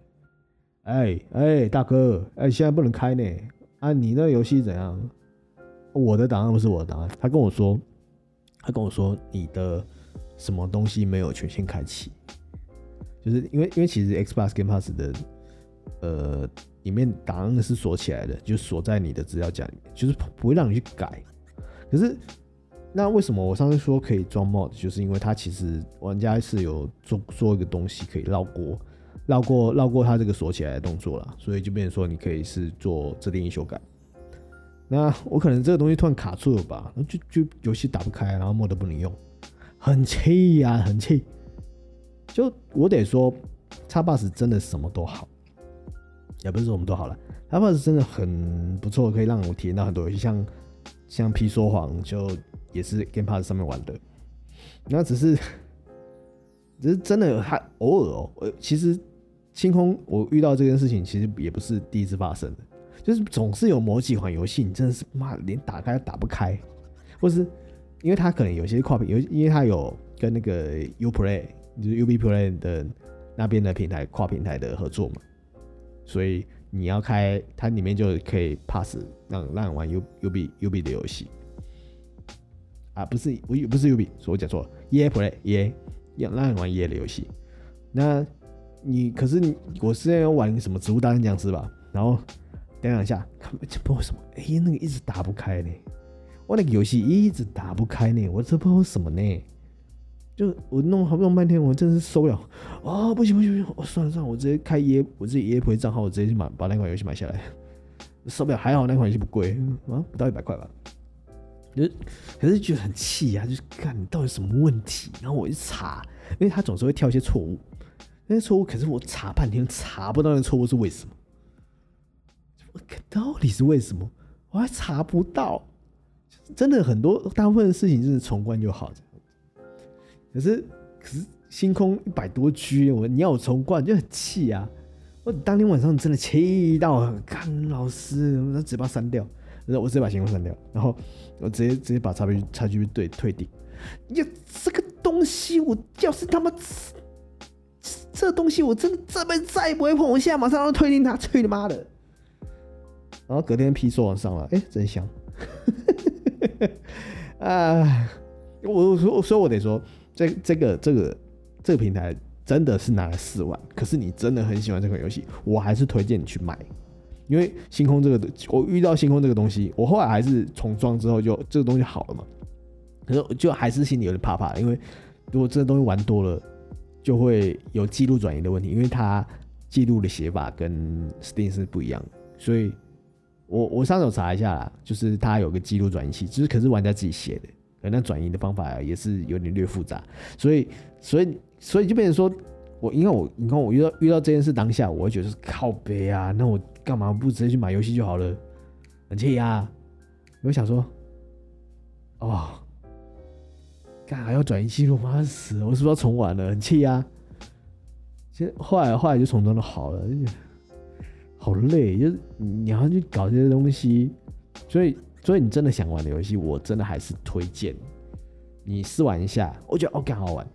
哎哎，大哥，哎，現在不能開呢。啊，你那遊戲怎樣？我的檔案不是我的檔案，他跟我說，他跟我說你的什麼東西沒有權限開啟。就是因為，因為其實 Xbox Game Pass 的呃裡面檔案是鎖起來的，就鎖在你的資料夾裡面，就是不會讓你去改。可是那為什麼我上次說可以裝 Mod，就是因為它其實玩家是有做做一個東西可以繞過繞過繞過它這個鎖起來的動作啦，所以就變成說你可以是做自定義修改。那我可能這個東西突然卡住了吧，就就遊戲打不開，然後 Mod 都不能用，很氣呀，很氣。就我得說，Xbox 真的什麼都好，也不是什麼都好了。Xbox 真的很不錯，可以讓我體驗到很多遊戲，像像《P 說謊》就也是 Game Pass 上面玩的。那只是只是真的，它偶爾哦。其實星空我遇到這件事情，其實也不是第一次發生的，就是總是有某幾款遊戲，你真的是媽的連打開都打不開，或是因為它可能有些跨屏，有因為它有跟那個 Uplay。就是 UB Play 的那邊的平台跨平台的合作嘛？所以你要開它裡面就可以 pass 讓讓玩 UB, u UB UB 的遊戲啊，不是我不是 UB，是我講錯了，EA、yeah, Play EA、yeah, 讓讓玩 EA、yeah、的遊戲。那你可是你我之前要玩什麼《植物大戰僵屍》吧？然後等兩下，看這不知道為什麼、欸？哎，那個一直打不開呢、欸，我那個遊戲一直打不開呢、欸，我這不知道為什麼呢、欸？就我弄好弄半天，我真的是受不了啊、哦！不行不行不行，我、哦、算了算了，我直接開耶，我自己耶普的賬號，我直接去買把那款遊戲買下來。手受不了，還好那款遊戲不貴、嗯嗯、啊，不到一百塊吧。就還、是、是覺得很氣啊，就是看你到底有什麼問題？然後我一查，因為他總是會跳一些錯誤，那些錯誤可是我查半天查不到那錯誤是為什麼？可到底是為什麼？我還查不到，真的很多大部分的事情就是重關就好。可是，可是星空一百多 G，我你要我重灌，我就很氣啊！我當天晚上真的氣到，很，幹老師，我直接把它刪掉，然後我直接把星空刪掉，然後我直接直接把差評差距對退訂。呀，這個東西我，我要是他媽，這東西我真的這輩子再也不會碰。我現在馬上要退訂它，去你媽的！然後隔天 P 說網上了，哎，真香。 啊，我所所以我得說。這這個這個這個平台真的是拿了四萬，可是你真的很喜歡這款遊戲，我還是推薦你去買，因為星空這個，我遇到星空這個東西，我後來還是重裝之後就這個東西好了嘛，可是我就還是心裡有點怕怕，因為如果這個東西玩多了，就會有記錄轉移的問題，因為它記錄的寫法跟 Steam 是不一樣的，所以我我上手查一下啦，就是它有個記錄轉移器，就是可是玩家自己寫的。嗯、那轉移的方法、啊、也是有點略複雜，所以，所以，所以就變成說，我因為我，你看我遇到遇到這件事當下，我覺得就是靠北啊，那我幹嘛不直接去買遊戲就好了？很氣啊！我想說，哦，幹啥要轉移記錄？我媽的死，我是不是要重玩了？很氣啊！先，後來，後來就重裝的好了。好累，就是你要去搞這些東西，所以。所以你真的想玩的遊戲，我真的還是推薦你試玩一下。我覺得 OK 好玩，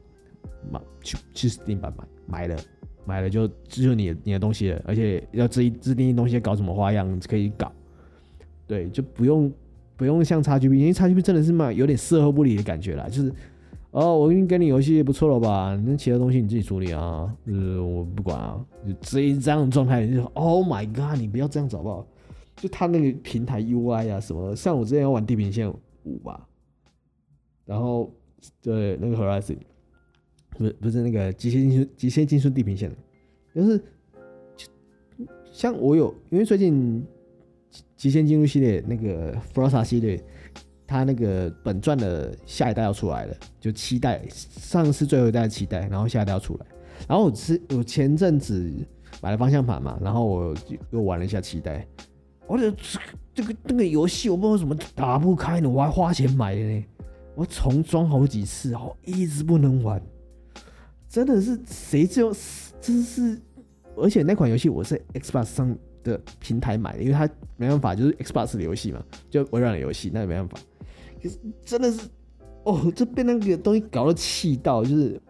買去去 Steam 版，買買了，買了就只有你的你的東西了，而且要自己自定義東西要搞什麼花樣可以搞。對，就不用不用像 XGP，因為 XGP 真的是嘛有點事後不理的感覺啦，就是哦、喔，我給你給你遊戲不錯了吧？那其他東西你自己處理啊、呃，是我不管啊。就一這一樣的狀態，就 Oh my God，你不要這樣好不好？就他那個平台 UI 啊什麼，像我之前要玩《地平線五》5吧，然後對那個《Horizon》，不是不是那個《極限競速極限競速地平線》，就是就像我有，因為最近《極限競速》系列那個《Forza》系列，它那個本傳的下一代要出來了，就七代，上是最後一代的七代，然後下一代要出來，然後我是我前陣子買了方向盤嘛，然後我又玩了一下七代。我的這個、這個、那個遊戲我不知道為什麼打不開呢，我還花錢買的呢，我重裝好幾次，哦，一直不能玩，真的是，誰知道真是？而且那款遊戲我是 Xbox 上的平台買的，因為它沒辦法，就是 Xbox 的遊戲嘛，就微軟的遊戲，那也沒辦法。可是真的是，哦，這被那個東西搞得氣到，就是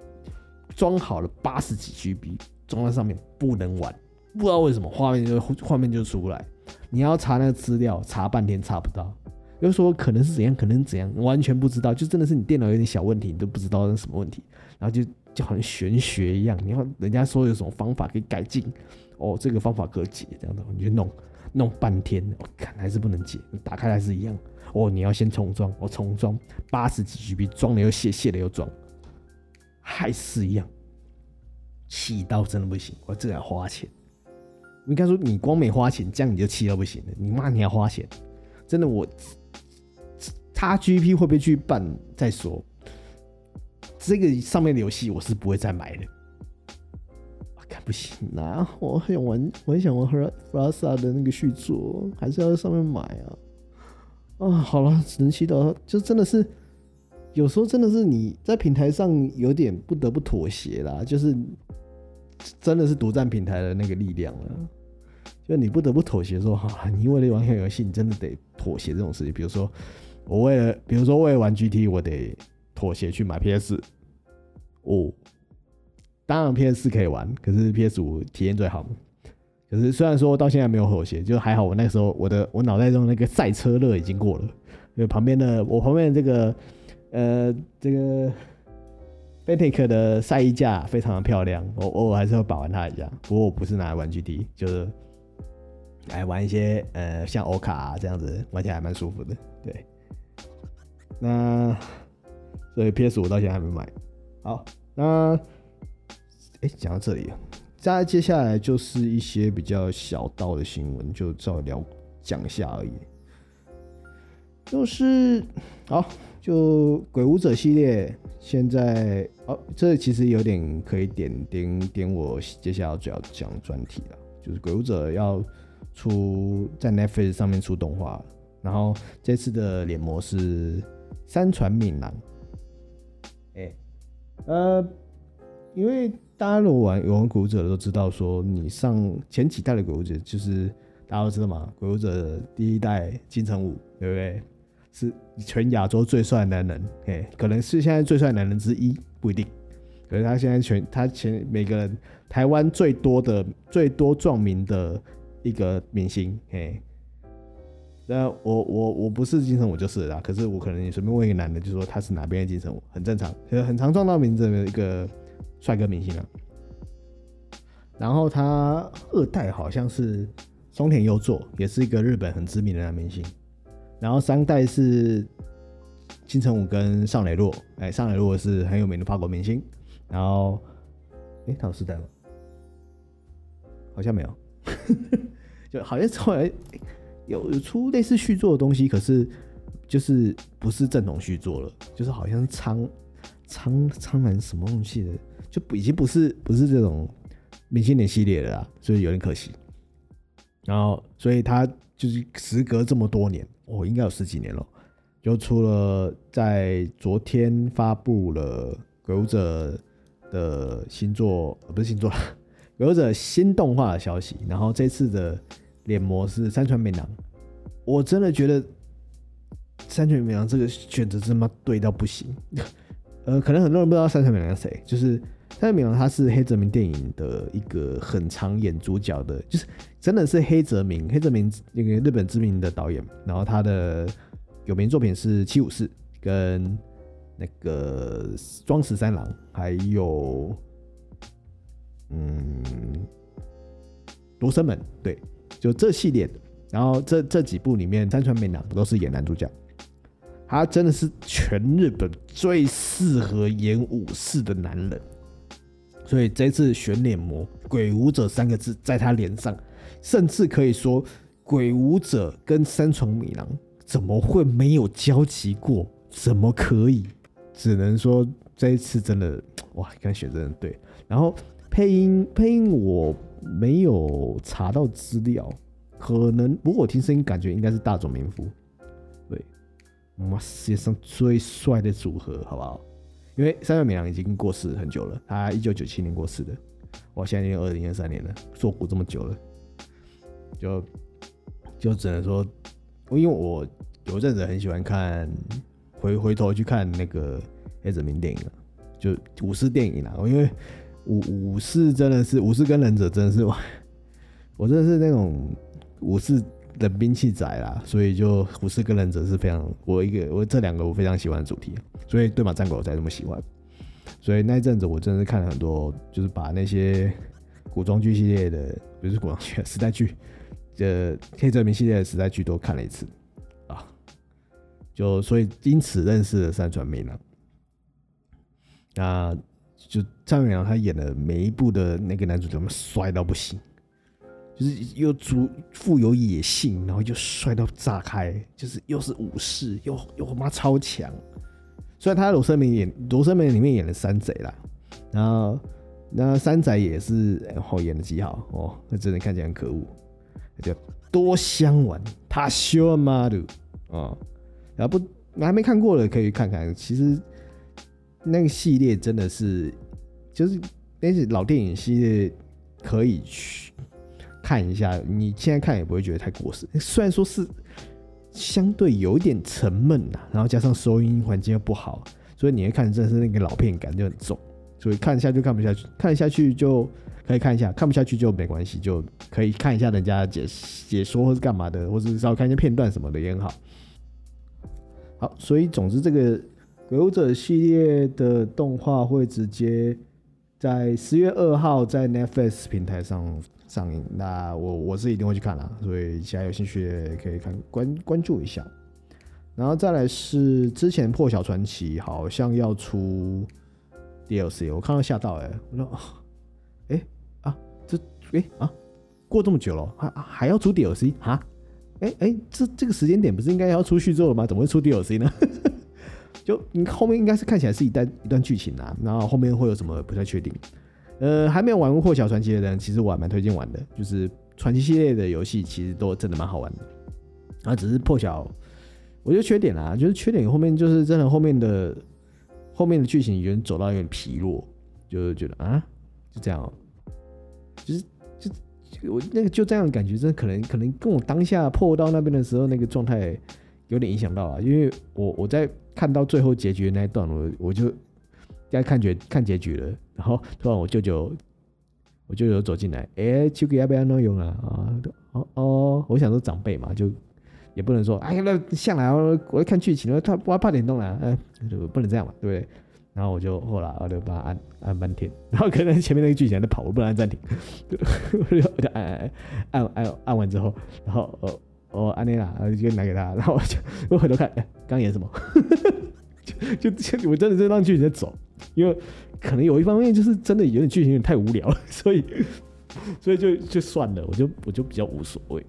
裝好了八十幾 GB，裝在上面不能玩，不知道為什麼畫面就畫面就出不來。你要查那個資料，查半天查不到，又說可能是怎樣，可能是怎樣，完全不知道。就真的是你電腦有點小問題，你都不知道那是什麼問題，然後就就好像玄學一樣。你要人家說有什麼方法可以改進，哦，這個方法可以解，這樣子你就弄弄半天，我、哦、看還是不能解。打開來是一樣，哦，你要先重裝，我、哦、重裝八十幾 GB，裝了又卸，卸了又裝，還是一樣。氣到真的不行，我這樣花錢。應該說，你光沒花錢，這樣你就氣到不行了。你罵，你還花錢，真的我。我 XGP 會不會去辦？再說，這個上面的遊戲我是不會再買了。我、啊、看不行啊，我很想玩，我很想玩《Frost》的那個續作，還是要在上面買啊。啊，好了，只能祈禱。就真的是，有時候真的是你在平台上有點不得不妥協啦，就是真的是獨占平台的那個力量了。就你不得不妥協，說、啊、哈，你為了玩遊戲，你真的得妥協這種事情。比如說，我為了，比如說為了玩 GT，我得妥協去買 PS 五、哦。當然，PS 四可以玩，可是 PS 五體驗最好。可是雖然說到現在沒有妥協，就還好我那個時候我的我腦袋中那個賽車熱已經過了。就旁邊的我旁邊這個呃這個，Fanatec 的賽衣架非常的漂亮，哦哦、我偶爾還是會把玩它一下。不過我不是拿來玩 GT，就是。來玩一些呃，像歐卡、啊、這樣子玩起來還蠻舒服的。對，那所以 PS 五到現在還沒買。好，那哎，講、欸、到這裡，再接下來就是一些比較小道的新聞，就照聊講一下而已。就是好，就鬼舞者系列現在哦，這其實有點可以點點點，我接下來主要講專題了，就是鬼舞者要。出在 Netflix 上面出動畫，然後這次的臉模是三船敏郎，呃，因為大家如果玩《鬼武者》都知道，說你上前幾代的《鬼武者》，就是大家都知道嘛，《鬼武者》第一代金城武，對不對？是全亞洲最帥男人，欸，可能是現在最帥男人之一，不一定，可是他現在全他前每個人台灣最多的最多撞名的，一個明星，嘿，那我我我不是金城武就是啦，可是我可能你隨便問一個男的，就說他是哪邊的金城武，很正常，很常撞到名字的一個帥哥明星啊。然後他二代好像是松田優作，也是一個日本很知名的男明星。然後三代是金城武跟尚雷諾，哎、欸，尚雷諾是很有名的法國明星。然後，哎、欸，他有四代嗎？好像沒有。 好像後來有有出類似續作的東西，可是就是不是正統續作了，就是好像蒼蒼蒼蘭什麼東西的，就不已經不是不是這種明星臉系列了啦，所以有點可惜。然後所以他就是時隔這麼多年哦，應該有十幾年了，就出了在昨天發布了鬼《鬼武者》的新作，不是新作了，《鬼武者》新動畫的消息。然後這次的。臉模是三船敏郎，我真的覺得三船敏郎這個選擇真他媽對到不行。呃，可能很多人不知道三船敏郎是誰，就是三船敏郎他是黑澤明電影的一個很常演主角的，就是真的是黑澤明，黑澤明那個日本知名的導演。然後他的有名作品是《七武士》跟那個《莊十三郎》，還有嗯，《羅生門》對。就這系列然後這這幾部裡面，三船敏郎都是演男主角，他真的是全日本最適合演武士的男人，所以這次“選臉模，鬼武者”，三個字在他臉上，甚至可以說“鬼武者”跟三船敏郎怎麼會沒有交集過？怎麼可以？只能說這一次真的，哇，剛選真的對。然後配音，配音我沒有查到資料，可能，不過我聽聲音感覺應該是大塚明夫，對，世界上最帥的組合，好不好？因為三船敏郎已經過世很久了，他一九九七年過世的，我現在已經二零二三年了，作古這麼久了，就就只能說，因為我有一陣子很喜歡看，回回頭去看那個黑澤明電影了，就武士電影啊，因為。武武士真的是武士跟忍者真的是我，真的是那種武士的兵器仔啦，所以就武士跟忍者是非常我一個我這兩個我非常喜歡的主題，所以對馬戰鬼我才這麼喜歡，所以那陣子我真的是看了很多，就是把那些古裝劇系列的，就是古裝劇時代劇，這黑澤明系列的時代劇都看了一次啊，就所以因此認識了三船敏郎，那。就三船敏郎他演的每一部的那個男主角，帥到不行，就是又足富有野性，然後又帥到炸開，就是又是武士，又又他媽超強。雖然他在《羅生門》演《羅生門》裡面演了山賊啦，然後那山賊也是，哦、欸，演的極好哦，那真的看起來很可惡。叫多襄丸，他修馬路啊，然後不你還沒看過的，可以看看。其實。那個系列真的是，就是那些老電影系列可以去看一下。你現在看也不會覺得太過時，雖然說是相對有一點沉悶啊，然後加上收音環境又不好，所以你看真的是那個老片感就很重。所以看下去看不下去，看下去就可以看一下，看不下去就沒關係，就可以看一下人家解解說或是幹嘛的，或是稍微看一下片段什麼的也很好。好，所以總之這個。《鬼武者》系列的動畫會直接在十月二號在 Netflix 平台上上映，那我我是一定會去看啦，所以其他有興趣可以看關關注一下。然後再來是之前《破曉傳奇》好像要出 D L C，我看到嚇到誒、欸、我說哎、欸、啊這哎、欸、啊過這麼久了還還要出 D L C 哈、啊。哎、欸、哎、欸、這這個時間點不是應該要出續作了嗎？怎麼會出 D L C 呢？就你後面應該是看起來是一段一段劇情啊，然後後面會有什麼不太確定。呃，還沒有玩過《破曉傳奇》的人，其實我還蠻推薦玩的，就是傳奇系列的遊戲其實都真的蠻好玩的。啊，只是《破曉》，我覺得缺點啦、啊，就是缺點後面就是真的後面的後面的劇情有點走到有點疲弱，就覺得啊，就這樣，就是就我那個就這樣的感覺，真的可能可能跟我當下破到那邊的時候那個狀態有點影響到啊，因為我我在。看到最後結局的那一段，我我就該看結看結局了，然後突然我舅舅，我舅舅走進來，哎、欸，秋哥要不要鬧用啊？啊、哦，哦哦，我想說長輩嘛，就也不能說，哎呀，那下來我要看劇情了，他怕怕點動了、啊，哎，就不能這樣嘛，對不對？然後我就後來把它按按半天，然後可能前面那個劇情還在跑，我不能按暫停，我就按按按按按完之後，然後呃。哦，安妮娜，然後就拿給他，然後我回頭看，哎、欸，剛演什麼？ 就就我真的這段劇情在走，因為可能有一方面就是真的有點劇情有點太無聊了，所以所以就就算了，我就我就比較無所謂。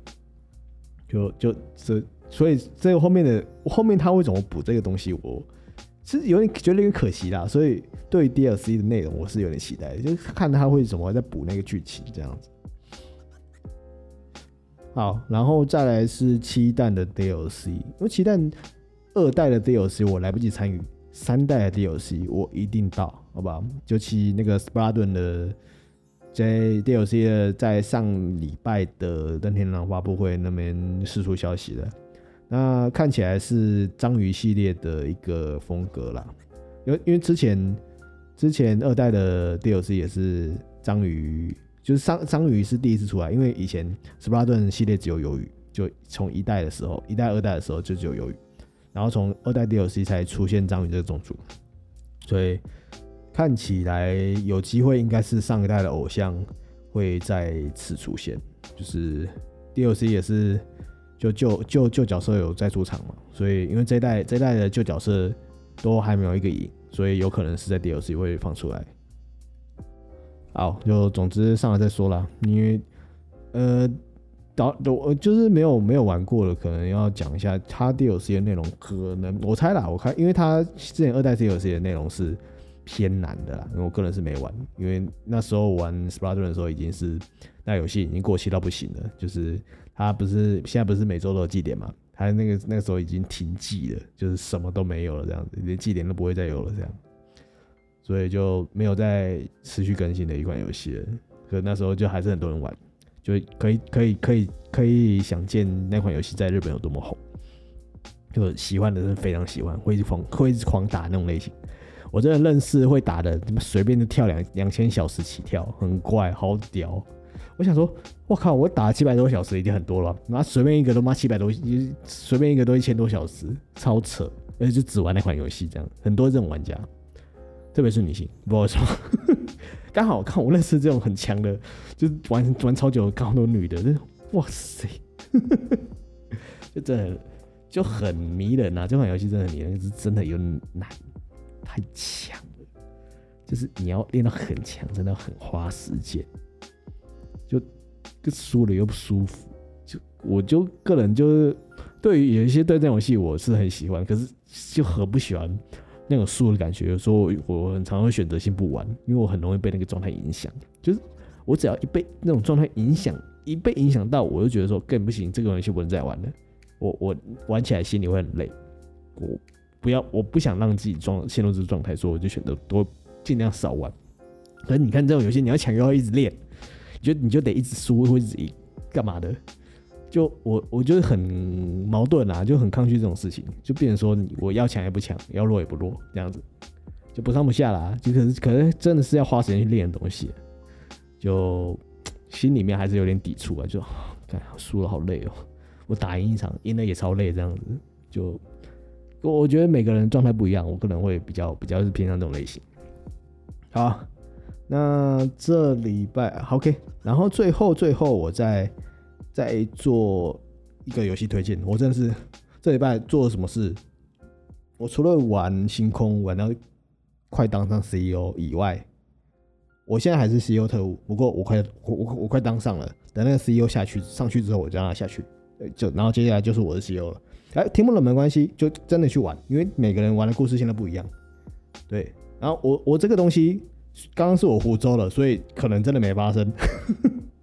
就就這，所以這個後面的後面他會怎麼補這個東西我，我其實有點覺得有點可惜啦。所以對於 DLC 的內容，我是有點期待的，就看他會怎麼在補那個劇情這樣子。好，然後再來是七彈的 DLC，因為七彈二代的 DLC 我來不及參與，三代的 DLC 我一定到，好不好？就其那個斯普拉遁的在 DLC 在上禮拜的任天堂發布會那邊釋出消息了，那看起來是章魚系列的一個風格啦，因因為之前之前二代的 DLC 也是章魚。就是章章魚是第一次出來，因為以前斯巴頓系列只有魷魚，就從一代的時候，一代、二代的時候就只有魷魚，然後從二代 DLC 才出現章魚這個種族，所以看起來有機會應該是上一代的偶像會再次出現，就是 DLC 也是就舊舊舊角色有在出場嘛，所以因為這一代這一代的舊角色都還沒有一個影，所以有可能是在 DLC 會放出來。好，就總之上來再說啦，因為呃，導都就是沒有沒有玩過的，可能要講一下他 DLC 的內容，可能我猜啦，我看因為他之前二代 DLC 的內容是偏難的啦，因為我個人是沒玩，因為那時候玩 Splatoon 的時候已經是那遊戲已經過期到不行了，就是他不是現在不是每周都有祭典嘛，他那個那個時候已經停祭了，就是什麼都沒有了這樣子，連祭典都不會再有了這樣。所以就沒有再持續更新的一款遊戲了，可那時候就還是很多人玩，就可以可以可以可以想見那款遊戲在日本有多麼紅，就喜歡的人非常喜歡，會一直狂會一直狂打那種類型。我真的認識會打的，隨便就跳兩兩千小時起跳，很怪，好屌。我想說，我靠，我打了七百多小時已經很多了，那隨便一個都媽七百多，隨便一個都一千多小時，超扯，而且就只玩那款遊戲這樣，很多這種玩家。特別是女性不好說，剛 好看我認識這種很強的，就是玩玩超久，剛好都女的，就是、哇塞， 就真的就很迷人啊！這款遊戲真的很迷人，是真的有難，太強了，就是你要練到很強，真的很花時間，就輸了又不舒服，就我就個人就是對於有一些對這種遊戲我是很喜歡，可是就很不喜歡。那種輸的感覺，有時候我很常會選擇性不玩，因為我很容易被那個狀態影響。就是我只要一被那種狀態影響，一被影響到，我就覺得說更不行，這個遊戲不能再玩了。我我玩起來心裡會很累，我不要我不想讓自己狀陷入這個狀態，所以我就選擇多盡量少玩。可是你看這種遊戲，你要強，要一直練，你就你就得一直輸或者幹嘛的。就我，我就是很矛盾啊，就很抗拒這種事情，就變成說，我要強也不強，要弱也不弱，這樣子就不上不下啦。啊，就可是，可是真的是要花時間去練的東西。啊，就心裡面還是有點抵觸啊。就，哎，輸了好累哦，我打贏一場，贏了也超累，這樣子。就，我我覺得每個人狀態不一樣，我個人會比較比較是偏向這種類型。好。啊，那這禮拜 OK，然後最後最後我再。在做一個遊戲推薦，我真的是這禮拜做了什麼事？我除了玩星空，玩到快當上 CEO 以外，我現在還是 CEO 特務。不過我快，我我，我快當上了。等那個 CEO 下去，上去之後我就讓他下去，就然後接下來就是我的 CEO 了。哎、啊，聽不懂沒關係，就真的去玩，因為每個人玩的故事現在不一樣。對，然後我我這個東西剛剛是我胡謅了，所以可能真的沒發生。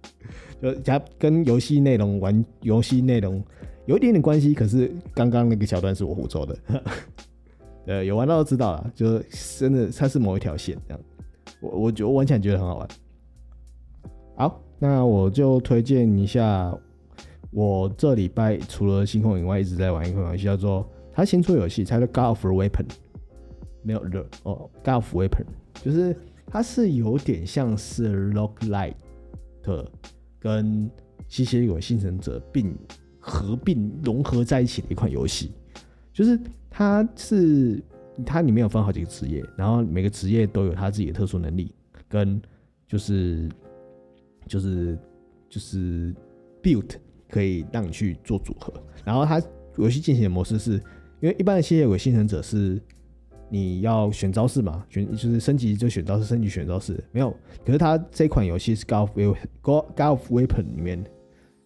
就假跟遊戲內容玩，遊戲內容有一點點關係。可是剛剛那個橋段是我胡謅的呵呵對，有玩到都知道了，就是真的它是某一條線這樣。我我覺得玩起來覺得很好玩。好，那我就推薦一下，我這禮拜除了星空以外，一直在玩一款遊戲，叫做它新出遊戲，它叫 God Of Weapons，沒有的哦、oh,，God Of Weapons 就是它是有點像是 Roguelike 的。跟《吸血鬼倖存者》並合併融合在一起的一款遊戲，就是它是它裡面有分好幾個職業，然後每個職業都有它自己的特殊能力，跟就是就是就是 build 可以讓你去做組合。然後它遊戲進行的模式是，因為一般的《吸血鬼倖存者》是。你要選招式嘛？選就是升級就選招式，升級選招式沒有。可是他這款遊戲是 God God God Of Weapons 裡面，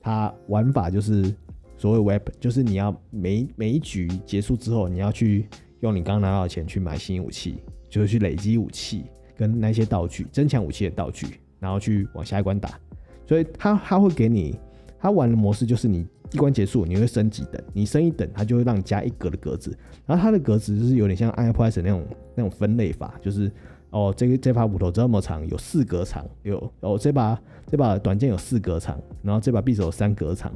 他玩法就是所謂 Weapons，就是你要每每一局結束之後，你要去用你剛拿到的錢去買新武器，就是去累積武器跟那些道具，增強武器的道具，然後去往下一關打。所以他他會給你，他玩的模式就是你。一關結束，你會升幾等，你升一等，它就會讓你加一格的格子。然後它的格子就是有點像 iPad 那種那種分類法，就是哦，這個這把斧頭這麼長，有四格長；有哦，這把這把短劍有四格長，然後這把匕首有三格長，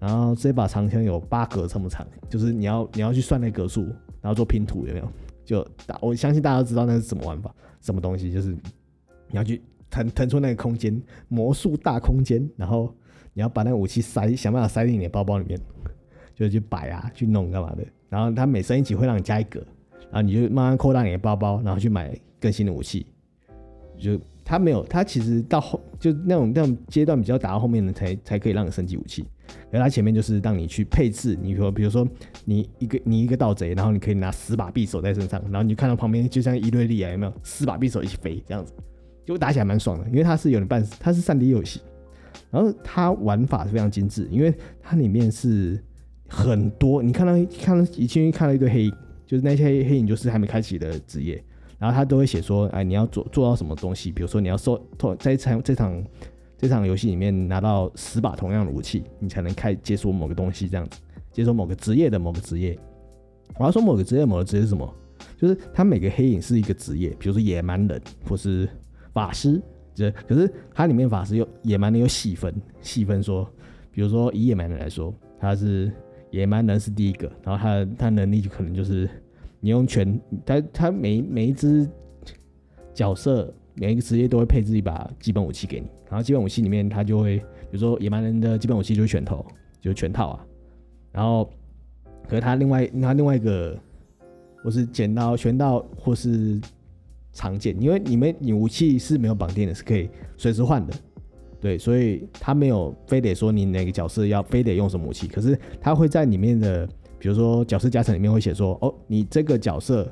然後這把長槍有八格這麼長。就是你要你要去算那格數，然後做拼圖，有沒有？就大我相信大家都知道那是什麼玩法，什麼東西就是你要去騰騰出那個空間，魔術大空間，然後。你要把那個武器塞，想辦法塞進你的包包裡面，就是去擺啊，去弄幹嘛的。然後他每升一級會讓你加一格，然後你就慢慢擴大你的包包，然後去買更新的武器。就他沒有，他其實到後就那種那種階段比較打到後面的才才可以讓你升級武器。然後他前面就是讓你去配置，你比如說比如說你一個你一個盜賊，然後你可以拿十把匕首在身上，然後你就看到旁邊就像伊瑞莉雅，有沒有？十把匕首一起飛這樣子，就打起來蠻爽的，因為它是有人扮，它是 3D 遊戲。然後他玩法是非常精緻，因為它裡面是很多，你看到看到一進去看到一堆黑，就是那些黑影就是還沒開啟的職業，然後他都會寫說，哎，你要做做到什麼東西，比如說你要做，在這場這場這場遊戲裡面拿到十把同樣的武器，你才能開解鎖某個東西，這樣子解鎖某個職業的某個職業。我要說某個職業某個職業是什麼，就是它每個黑影是一個職業，比如說野蠻人或是法師。這可是他裡面法師有野蠻人有，細分細分說，比如說以野蠻人來說，他是野蠻人是第一個，然後他他能力就可能就是你用拳，他他每每一隻角色每一個職業都會配置一把基本武器給你，然後基本武器裡面他就會比如說野蠻人的基本武器就是拳頭，就是拳套啊，然後和他另外他另外一個或是剪刀、拳套或是。常見，因為你們你武器是沒有綁定的，是可以隨時換的，對，所以他沒有非得說你哪個角色要非得用什麼武器，可是他會在裡面的，比如說角色加成裡面會寫說，哦，你這個角色，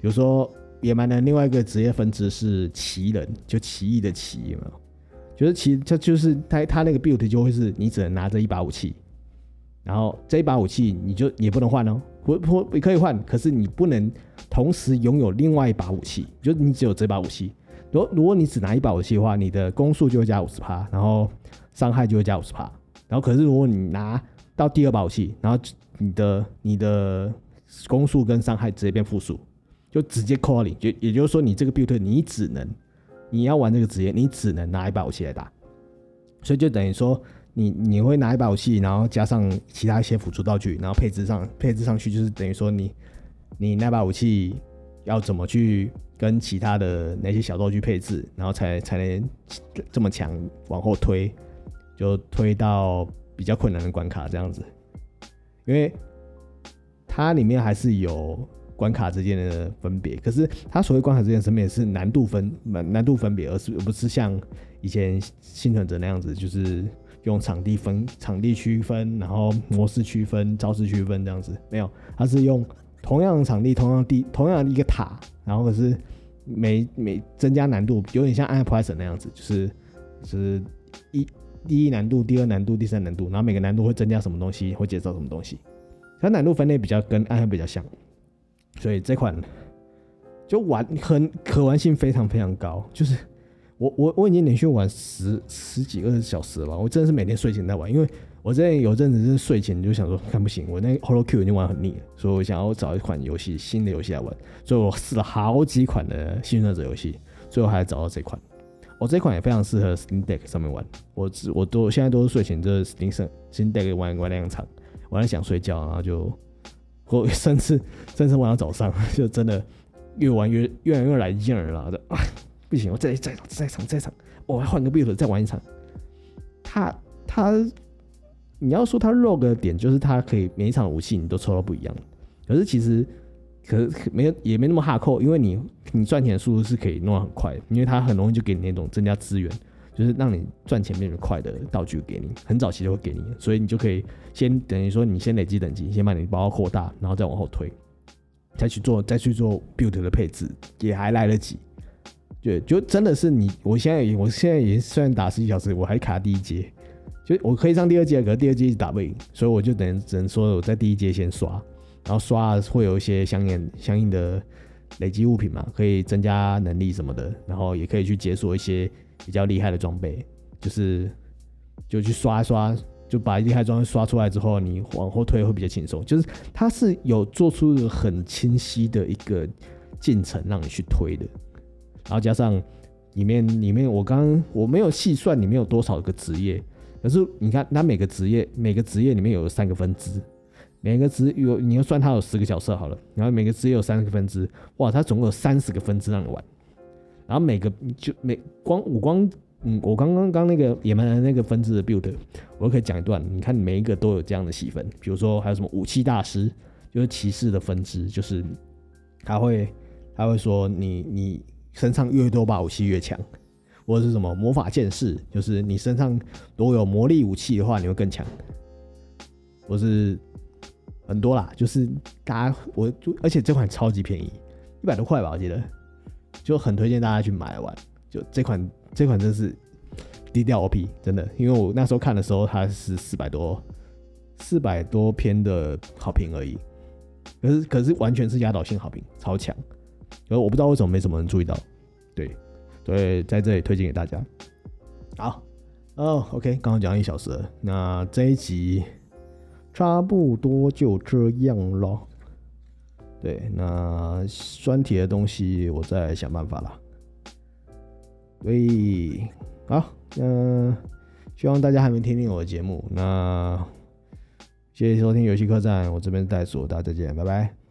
比如說野蠻人，另外一個職業分支是奇人，就奇異的奇，有沒有？就是其他就，就是他他那個 build 就會是你只能拿着一把武器。然後這一把武器你就也不能換哦，不不也可以換，可是你不能同時擁有另外一把武器，就你只有這一把武器。如果如果你只拿一把武器的話，你的攻速就會加五十帕，然後傷害就會加五十帕。然後可是如果你拿到第二把武器，然後你的你的攻速跟傷害直接變負數，就直接 calling 就也就是說你這個 build 你只能，你要玩這個職業你只能拿一把武器來打，所以就等於說。你你會拿一把武器，然後加上其他一些輔助道具，然後配置上配置上去，就是等於說你你那把武器要怎麼去跟其他的那些小道具配置，然後才才能這麼強往後推，就推到比較困難的關卡這樣子。因為它裡面還是有關卡之間的分別，可是它所謂關卡之間的分別是難度分難度分別，而是不是像以前幸存者那樣子，就是。用場地分場地區分，然後模式區分、招式區分這樣子，沒有，它是用同樣的場地、同樣地、同樣的一個塔，然後可是每每增加難度，有點像《暗黑破壞神》那樣子，就是、就是一第一難度、第二難度、第三難度，然後每個難度會增加什麼東西，會解鎖什麼東西，它難度分類比較跟暗黑比較像，所以這款就玩很可玩性非常非常高，就是。我我我已經連續玩十十幾個小時了，我真的是每天睡前在玩，因為我之前有陣子是睡前就想說，看不行，我那《Hello Q》已經玩很膩了，所以我想要找一款遊戲、新的遊戲來玩，所以我試了好幾款的幸存者遊戲，最後還找到這款。我、哦、這款也非常適合 Steam Deck 上面玩，我我都我現在都是睡前就凌、是、Steam Deck 玩玩兩場，玩了想睡覺，然後就或甚至甚至玩到早上，就真的越玩越越來越來勁兒了的。不行，我再再再場再再場，我要換個 build 再玩一場。他他，你要說他 rogue 的點就是他可以每一場武器你都抽到不一樣。可是其實，可是沒有也沒那麼哈扣，因為你你賺錢的速度是可以弄得很快的，因為他很容易就給你那種增加資源，就是讓你賺錢變得快的道具給你，很早期就會給你，所以你就可以先等於說你先累積等級，你先把你包擴大，然後再往後推，再去做再去做 build 的配置也還來得及。就就真的是你，我現在也我現在雖然打十幾小時，我還卡第一階，就我可以上第二階，可是第二階一直打不贏，所以我就等於只能說我在第一階先刷，然後刷會有一些相應相應的累積物品嘛，可以增加能力什麼的，然後也可以去解鎖一些比較厲害的裝備，就是就去刷一刷，就把厲害裝備刷出來之後，你往後推會比較輕鬆，就是它是有做出一個很清晰的一個進程讓你去推的。然後加上裡面，裡面我剛剛我沒有細算裡面有多少個職業，可是你看，他每個職業每個職業裡面有三個分支，每個職有你要算它有十個角色好了，然後每個職業有三個分支，哇，它總共有三十個分支讓你玩。然後每個就每光五光，嗯，我剛剛剛那個野蠻人那個分支的 build，我可以講一段，你看每一個都有這樣的細分，比如說還有什麼武器大師，就是騎士的分支，就是他會他會說你你。身上越多把武器越強，或者是什麼魔法劍士，就是你身上如果有魔力武器的話，你會更強。我是很多啦，就是大家我就而且這款超級便宜，一百多塊吧，我記得，就很推薦大家去買來玩。就這款這款真是低調 OP，真的，因為我那時候看的時候它是四百多四百多篇的好評而已，可是可是完全是壓倒性好評，超強。呃，我不知道為什麼沒什麼人注意到，對，所以在這裡推薦給大家。好、oh，哦，OK，剛好講一小時了，那這一集差不多就這樣囉。對，那專題的東西我再想辦法了。喂，好，嗯，希望大家還能聽聽我的節目，那謝謝收聽《遊戲客棧》，我這邊是袋鼠，大家再見，拜拜。